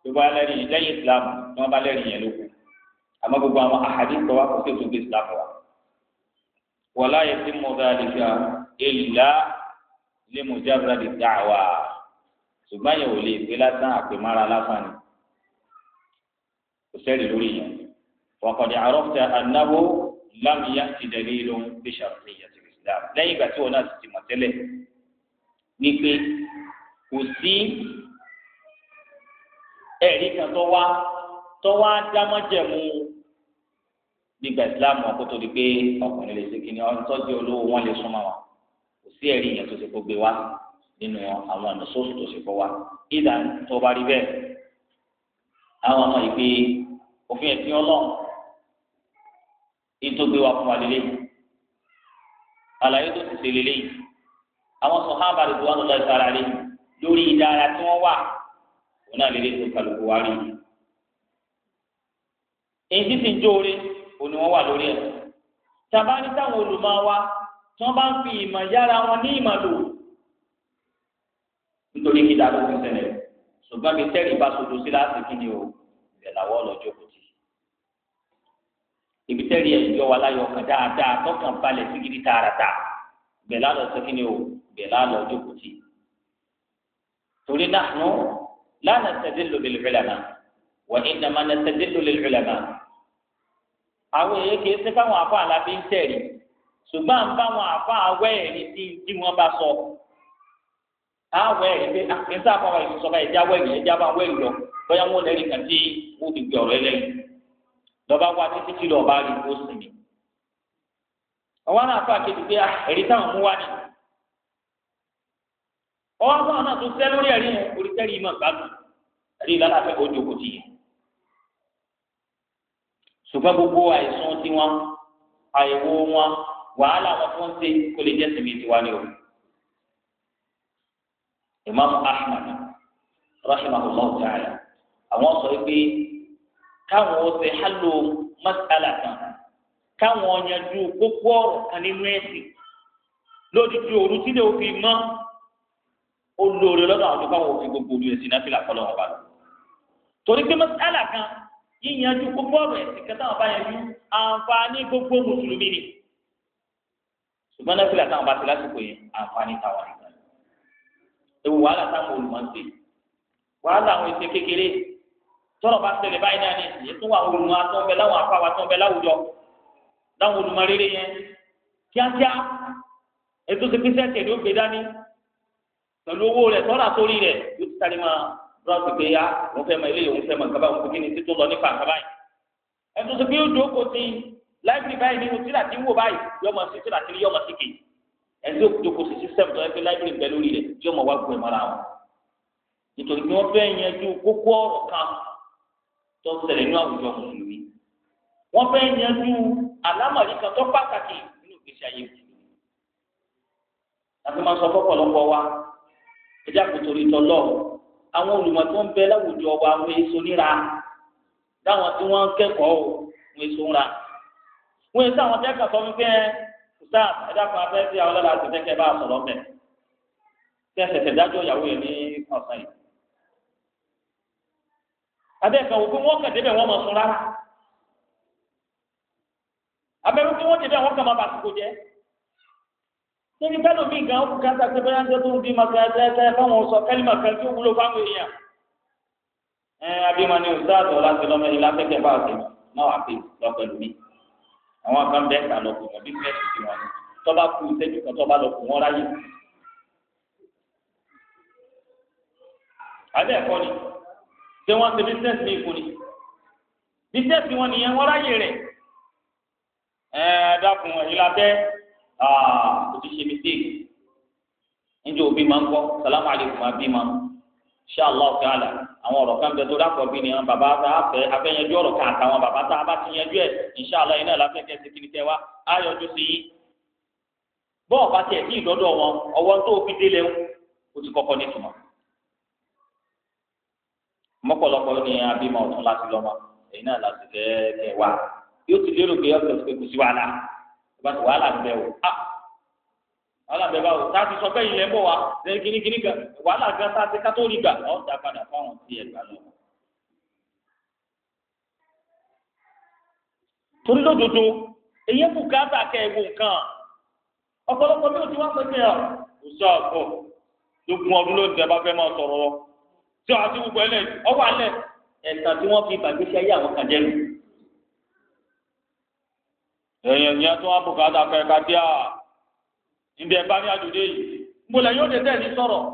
gbogbo alẹ́rìí yẹn lẹ́yìn islam ni wọ́n bá lẹ́rìí yẹn lóko. Àmọ́ gbogbo àwọn àhàdí sọ wá kò sí ètò ìgbé islam wa. Wọ́lá yẹ sí mo bá lé mojabra di dáwà ṣùgbọ́n yẹn ò lè pé lásán àpèmára lásán ni kò sẹ́rì lórí yẹn wàkàndé àròfẹ́ anáwó lámìyá ti dẹ̀lé ló ń gbé ṣàfihàn ìyàtọ̀ ìsìlámù lẹ́yìn ìgbà tí wọn náà ti mọ̀ tẹ́lẹ̀ wípé kò sí ẹ̀rí kan tó wá tó wá dámọ́jẹ̀mú gbígbà ìsìlámù ọkọ̀ tó di pé ọkùnrin lè ṣe kí ni ọ̀n tọ́jú olówó wọn lè súnmọ́ wọn sí ẹ̀rí yẹn tó ti kó gbé wá nínú àwọn ọ̀nà sóòsù tó ti kó wá ìdá tó bá rí bẹ́ẹ̀ àwọn ọmọ ìgbé òfin ẹ̀sìn ọlọ́run ètò gbé wá fún wa lélẹ̀ àlàyé tó ti ṣe lélẹ̀ yìí àwọn sọ̀hábà lè tó wà lọ́dọ̀ ìsara rẹ̀ lórí ìdára tí wọ́n wà òun náà lélẹ̀ tó kálukú wá rí èyí ti ń jóore òun ni wọ́n wà lórí ẹ̀ tàbá ní táwọn olùmọ̀ wa tí wọ́n bá ń fi ìmọ̀ yára wọn ní ìmọ̀ lò nítorí kí dáadọ́ ti ṣẹlẹ̀ ṣùgbọ́n mi tẹ́rì bá sodo sí láti kí ni o ìbẹ̀ làwọ̀ ọlọ́jọ́ kò tì ibi tẹ́rì ẹ̀ yọ wa láyọ̀ kan dáadáa tọkàn balẹ̀ sí gidi tààràtà ìbẹ̀ lálọ́ sí kí ni o ìbẹ̀ lálọ́ ọjọ́ kò tì torí nahnu la nastadillu bil ulama wa innama nastadillu lil ulama àwọn èyí kì í sí káwọn afọ ṣùgbọ́n à ń bá wọn àfa àwẹ̀ ẹ̀rí tí tí wọ́n bá sọ àwẹ̀ ẹ̀rí pé àkínsá àfọwọ́ ẹ̀rí sọ báyìí jáwé ẹ̀rí ẹ̀já bá wẹ̀ lọ bóyá wọn lẹ́rìí kan tí wọ́n fi gbé ọ̀rọ̀ ẹlẹ́yìn lọ́ba wá títí tí lọ́ba rí kó sinmi. àwọn àfa kejì pé ẹ̀rí táwọn mú wá ni ọwọ́ àwọn náà tó sẹ́ lórí ẹ̀rí oríṣẹ́rí ìmọ̀ gbádùn ẹ̀rí wàhálà wọn tó ń ṣe kó lè jẹ́ sinmi tiwa ni o. imaamu ahmad rahimahullah ta'ala àwọn sọ pé káwọn ó ṣe hálò mas'ala kan káwọn yanjú kókó ọ̀rọ̀ kan nínú ẹ̀sìn lójijì òru tí lè fi mọ́ ó lóore lọ́dọ̀ àwọn tó bá wọ́n gbogbo olú ẹ̀sìn náà fi làkọ́lọ́ wọn bá lọ. torí pé mas'ala kan yíyanjú kókó ọ̀rọ̀ ẹ̀sìn kẹta wọn bá yanjú àǹfààní gbogbo mùsùlùmí ni ṣùgbọ́n náà fìlà táwọn bá ti lásìkò yẹn àǹfààní táwọn nígbà yẹn ewu wàhálà táwọn olùmọ̀ọ́sí wàhálà àwọn ètò kékeré tọrọ bá tẹlẹ báyìí náà ní ìsìn tó àwọn olùmọ̀ àtọ́nbẹ láwọn afáwà àtọ́nbẹ láwùjọ láwọn olùmọ̀ rere yẹn kíákíá ètò ìsèpèsè tẹ̀lé ó gbé dání pẹ̀lú owó rẹ̀ tọ́lá sórí rẹ̀ yóò ti sáré máa rọ́ọ̀sì pé yá òun fẹ́ mọ ilé òun fẹ́ mọ láìpẹ́ báyìí nínú tíra tí ń wò báyìí yọmọ sí tíra tí yọmọ sí kejì ẹ̀ńdí òkùtòkò sí sísẹ́mù tó yẹ pé láìpẹ́ bẹ lórí rẹ̀ yọmọ wá gbé mọ́ra wọn. nítorí pé wọ́n fẹ́ yanjú kókó ọ̀rọ̀ kan tó ṣẹlẹ̀ ní àwùjọ mùsùlùmí wọ́n fẹ́ yanjú àlámọ̀rí kan tó pàtàkì nínú ìgbésí ayé mùsùlùmí. láti máa sọ fọ́pọ̀lọpọ̀ wa ẹjẹ́ àpòtòrí tọ́lọ́ àwọn olùmọ̀ tó ń bẹ láwùjọ wa wọ́n èso níra dáwọn tí wọ́n kẹ́kọ̀ọ́ wọ́n èso ńra wọn èso àwọn tẹ́kà sọ wípé ṣáà ẹ̀dá kan abẹ́ sí àwọn ọlọ́lá àti tẹ́kẹ́ bá sọ̀rọ̀ mẹ́ tẹ́ ṣẹ̀ṣẹ̀ dájọ́ ìyàwó yẹn ní ọ̀sán yìí. adẹ́ẹ̀kan wò pé wọ́n kàn débẹ̀ wọ́n mọ̀ sun rárá abẹ́rú pé wọ́n débẹ̀ wọ́n kàn máa bàtìkò jẹ́ níbi kánò mí gan ọkùnrin kan sàkpé bẹ́ẹ̀ ńjẹ́ tó ń bí masáyásáyá fáwọn sọ kálímà kan tí ó wúlò fáwọn èèyàn. ẹ abimani ọ̀sán àtọ̀ láti lọ́mọ ilé afẹ́kẹ́ bá a sè náà àwọn akan bẹ́ẹ̀ ta lọ kù wọn bí fẹ́ẹ́ ti wọn tọ́ba kú ìṣẹ́jú kan tọ́ba lọ kù wọn ráyè. alẹ́ ẹ̀kọ́ ni ṣé wọ́n ṣe bísíǹsì ní ìkùnì bísíǹsì wọn nìyẹn wọ́n ráyè rẹ̀ ẹ̀ẹ́ dákun ẹ̀yìn labẹ́ òtún ṣe mistake níjọ́ òbí máa ń kọ́ salamu alaykum àbí máa ń kọ́ ṣáàlá ọ̀tá àlà àwọn ọ̀rọ̀ kan bẹ tó dákọ̀ bí ni àwọn bàbá afẹ́ afẹ́yẹjú ọ̀rọ̀ kan àtàwọn bàbá tá a bá ti yẹjú ẹ̀ ìṣáàlá iná láfẹ́kẹ́ sí kíni tẹ́wá á yọjú sí i. bọ́ọ̀ bá tiẹ̀ tí ìdọ́dọ̀ wọn ọwọ́ tó fi délé ń o ti kọ́kọ́ nítumọ̀. mọ́pọ̀lọpọ̀ ni abímọ ọ̀tún láti lọ́mọ èyí náà láti fẹ́ kẹwàá yóò ti lérò pé ọ̀sẹ̀ alábẹ báwo tá a ti sọ pé ilẹ̀ ń bọ̀ wá lẹ́yìn kínníkínní gan wàhálà gan tá a ti kátó rí gbà ọ̀ dà padà fáwọn tí ẹ̀ gbà lọ. torí lódodo èyí kù káàtà kẹ ẹ wo nǹkan ọ̀pọ̀lọpọ̀ mi ò ti wá pé mi ọ̀ kò sọ ọ̀ lógún ọdún ló ń tẹ bá fẹ́ máa sọ̀rọ̀ lọ tí wàá ti wù pẹ́lẹ́ ọwọ́ alẹ́ ẹ̀ka tí wọ́n fi bàgbéṣẹ́ ayé àwọn kan jẹ́ mi. èèyàn yẹn tó wá bùkátà fẹ́ ká dí à níbi ẹ̀ bá ní àdúdé yìí ńgbọ́lẹ̀ yóò dé tẹ̀ ní sọ̀rọ̀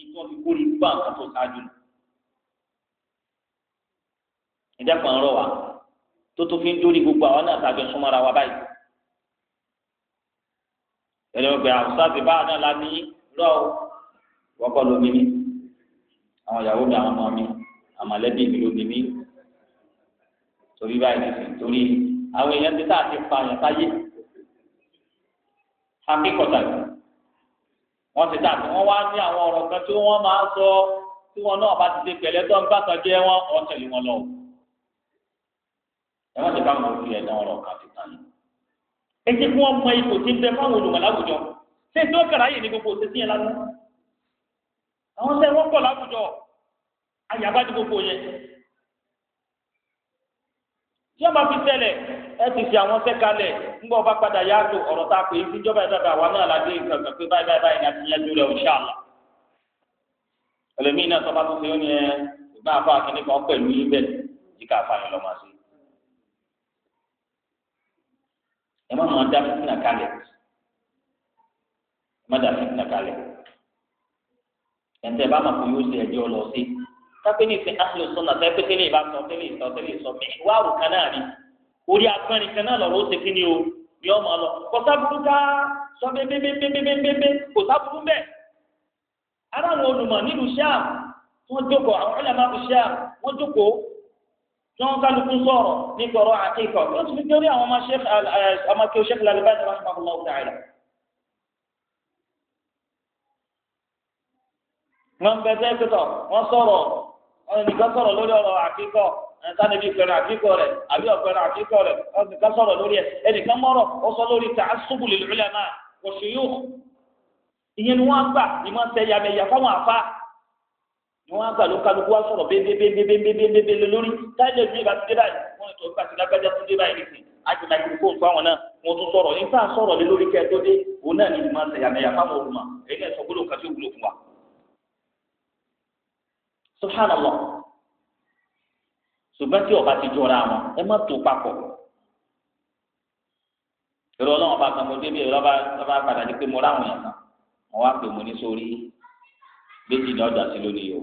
ìtọ́ fi kórè gbà nǹkan tó ṣáájú lọ. ìjà kan rọ wa tó tó fi ń dórí gbogbo àwọn náà tàbí súnmọ́ra wa báyìí. ẹ̀rọ ọgbẹ́ àwùsá ti bá náà la ní rọ wọ́pọ̀ lómi ní àwọn ìyàwó mi àwọn ọmọ mi àmọ̀lẹ́bí mi lómi ní torí báyìí torí àwọn èèyàn ti tá a ti pa akíkọ̀tà wọ́n ti dàbí wọ́n wá ní àwọn ọ̀rọ̀ kan tí wọ́n máa ń sọ tí wọn náà bá ti ṣe pẹ̀lẹ́ tó ń bá kan jẹ́ wọn ọ̀ tẹ̀lé wọn lọ. ẹ wọ́n ti bá wọn fi ẹ̀dá ọ̀rọ̀ kan ti tán yìí. ẹ jẹ́ kí wọ́n mọ ipò tí ń bẹ fáwọn olùmọ̀ láwùjọ ṣé tí wọ́n kàráyè ní gbogbo ṣe sí yẹn lánàá. àwọn tẹ́ wọ́n pọ̀ láwùjọ àyàbá ní gbogbo yẹn tí wọn bá fi tẹ́lẹ̀ ẹ ti fi àwọn sẹkalẹ ńgbọ bá padà yá tó ọ̀rọ̀ tá a pè é sí ìjọba ìdàgbà wa náà la dé ìgbàgbà pé báyìí báyìí báyìí ni a ti yẹn lórí ọ̀ṣà àlà ẹlòmíín náà sọba tó ṣe ó ní ẹ ìgbà àfa akínní kan pẹ̀lú yín bẹ́ẹ̀ tí ká fa yín lọ máa ẹ má máa dá fìtínà kalẹ̀ ẹ má dá fìtínà kalẹ̀ ẹ̀ ń tẹ́ bá máa kó yóò ṣe ẹjọ́ lọ sí i kápẹ́ ní ìsìn áhùn sọ̀nà tẹ́ pé tẹ́lẹ̀ ìbá sọ tẹ́lẹ̀ ìsọ tẹ́lẹ̀ ìsọ mẹ́ wá àrùn kan náà rí orí agbọ́nrin kan náà lọ́rọ́ ó ṣe kí ni o ni ọmọ lọ kò sábùkù ká sọ bẹ́ẹ̀bẹ́ẹ̀bẹ́ẹ̀bẹ́ẹ̀bẹ́ kò sábùkù bẹ́ẹ̀. ara àwọn olùmọ̀ nílùú Ṣáàm wọ́n jókòó àwọn ọ̀làmà bù Ṣáàm wọ́n jókòó tí wọ́n kálukú sọ̀rọ̀ nípa ọ̀rọ̀ ẹnìkan sọ̀rọ̀ lórí ọ̀rọ̀ àkíkọ̀ ẹnìkaníbi ìpẹ̀rẹ̀ àkíkọ̀ rẹ̀ àbí ọ̀pẹ̀rẹ̀ àkíkọ̀ rẹ̀ ẹnìkan sọ̀rọ̀ lórí ẹ̀ ẹnìkan mọ́rọ̀ ó sọ lórí ta'assubu lil ulama wa shuyukh ìyẹn ni wọ́n gbà ni wọ́n tẹ yàmẹ̀yà fáwọn àfa ni wọ́n gbà ló kálukú wá sọ̀rọ̀ bébébébébébébé lórí táyọ̀ ní ìbá ti dé báyìí wọ́n ní tòun pàṣẹ lágbájá tó dé báyìí nìsín àjùmọ̀ àjùmọ̀ kó subhanallah ṣùgbọ́n tí ọba ti jọra wọn ẹ má tó papọ̀ èrò ọlọ́wọ́n bá kan mo débi èrò ọba padà di pé mo ráwọn yẹn kan wọn wá pè mo ní sórí méjì ní ọjà sí lónìí o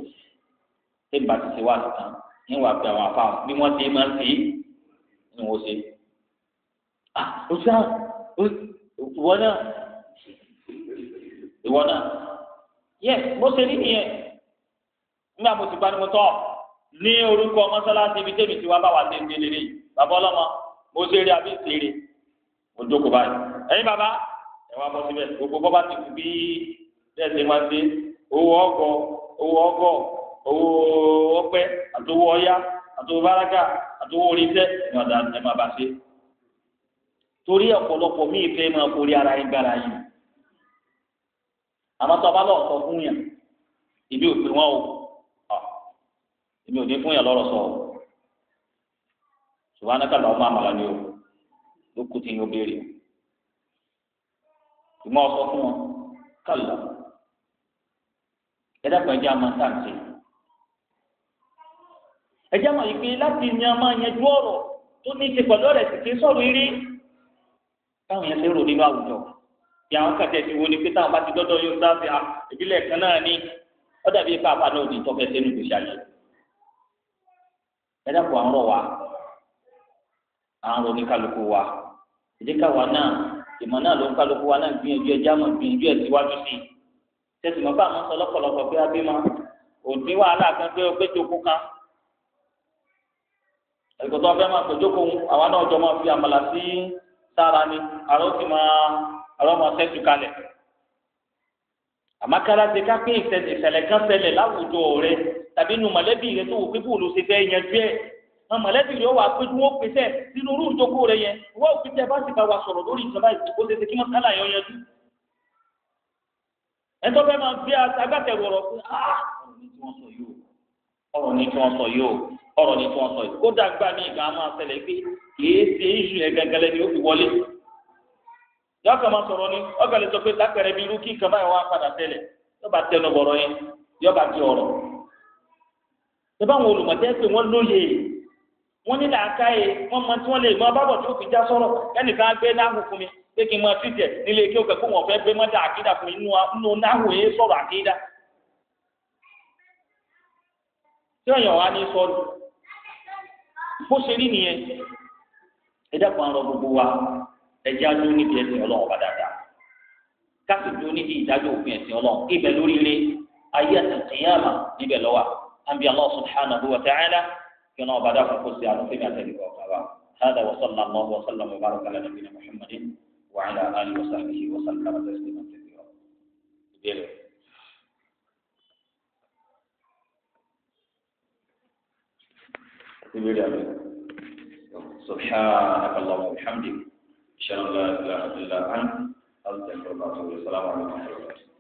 ṣé n bá ti wá tán ní wàá pe àwọn afáwọn bí wọ́n ti máa ń ṣe ni wọ́n ṣe ah o ṣá ìwọ náà ìwọ náà yẹ bó ṣe rí nìyẹn nígbà mo ti gba ni mo tọ́ ní orúkọ mọ́sálásí ibi tẹ́mi ti wá bá wa léde lére yìí bàbá ọlọ́mọ mo ṣe eré àbí ìṣeré mo jókòó báyìí ẹ̀yin bàbá ẹ̀ wá bọ́ síbẹ̀ gbogbo bọ́ bá ti kú bí ẹ̀sìn máa ń dé owó ọgọ owó ọgọ owó ọpẹ àtòwó ọyá àtòwó báraká àtòwó oríṣẹ ìwádà ẹ máa bá ṣe torí ọ̀pọ̀lọpọ̀ míì fẹ́ máa forí ara yín gbára yín àmọ́ tó bá lọ́ọ̀ sọ fún yàn ìbí òpin èmi ò ní fún yàn lọ́rọ̀ sọ o ṣùgbọ́n anákàlà ọmọ àmàlà ni o ló kù tí yín ó béèrè ìmọ̀ ọ̀sọ́ fún wọn kàlà ẹ dákun ẹjẹ́ àmọ́ sáǹtì ẹjẹ́ àmọ́ yìí pé láti ní a máa yanjú ọ̀rọ̀ tó ní í ṣe pẹ̀lú ọ̀rẹ́ sì kí sọ̀rọ̀ eré táwọn yẹn ṣe rò nínú àwùjọ bí àwọn kàtẹ́ ti wo ni pé táwọn bá ti dọ́dọ̀ yóò dábìá ìbílẹ̀ kan náà ni ọ̀dàbí ipa àbá náà ò ní tọ́kẹ́ sẹ́nu gbèsè àyè ẹ dàpọ̀ àwọn ọ̀rọ̀ wa àwọn oníkálukú wa ìdíkà wa náà ìmọ̀ náà ló ń kálukú wa náà gbìyànjú ẹ jámọ̀ gbìyànjú ẹ síwájú sí i tẹ̀sí mọ́ bá àwọn sọ lọ́pọ̀lọpọ̀ pé abímọ òdì wàhálà kan pé ó pé jókòó kan ẹ̀kọ́tọ́ ọ̀fẹ́ máa pè jókòó àwa náà jọ máa fi àmàlà sí sára ni àrọ́ sì máa àrọ́ máa sẹ́tù kalẹ̀ àmàkàrà ti ká pé ìṣẹ̀lẹ̀ kan ṣẹlẹ̀ láwùjọ rẹ tàbí inú mọ̀lẹ́bí rẹ tó wò pé bóòlù ṣe fẹ́ yanjú ẹ̀ àwọn mọ̀lẹ́bí rẹ wà pé wọ́n pèsè sínú irú ìjókòó rẹ yẹn wọ́n ò fi tẹ́ bá sì bá wa sọ̀rọ̀ lórí ìjọba ìjókòó ṣe ṣe kí mọ́sálà yọ yanjú. ẹ̀tọ́ fẹ́ máa gbé agbátẹ̀wò ọ̀rọ̀ pé ọ̀rọ̀ ni tí wọ́n sọ yìí ọ̀rọ̀ ni tí wọ́n sọ yìí ọ̀rọ̀ ni tí wọ́n sọ yìí yọ kàn máa sọ̀rọ̀ ni ọkàn lè sọ pé lápẹ̀rẹ̀ bí irú kí nǹkan báyìí wá padà tẹ́lẹ̀ yọba tẹnu bọ̀rọ̀ yẹn yọba di ọ̀rọ̀ ìbá àwọn olùmọ̀tẹ́ pé wọ́n lóye wọ́n ní làákà yẹ wọ́n mọ tí wọ́n lè mọ abábọ̀ tí ó fi já sọ̀rọ̀ ẹnìkan á gbé náhù fún mi pé kí n máa tìjẹ nílé kí ó kẹ́kọ̀ọ́ wọn fẹ́ gbé mọ́tà àkídà fún mi nínú náhù yẹ sọ̀rọ̀ àkídà tí ọ̀yàn wa ní sọ́ọ̀dù bó ṣe rí nìyẹn ẹ dákun àrọ̀ gbogbo wa ẹjẹ adó níbi ẹsìn Ọlọ́run padà dá káàtó dó níbi ìdájọ́ òfin ẹsìn Ọlọ́run ibẹ̀ lórí ilé ayé àtẹkẹyàmà níbẹ̀ lọwà àbí Allah subhanahu wa ta'ala kí Ọlọ́run padà fún kòsí àlùfẹmí àtẹlẹkọ ọkàwà هذا وصلى الله وسلم وبارك على نبينا محمد وعلى اله وصحبه وسلم تسليما كثيرا. سبحانك اللهم وبحمدك الله لا إله إلا أنت أستغفرك وأتوب إليك عليكم ورحمة الله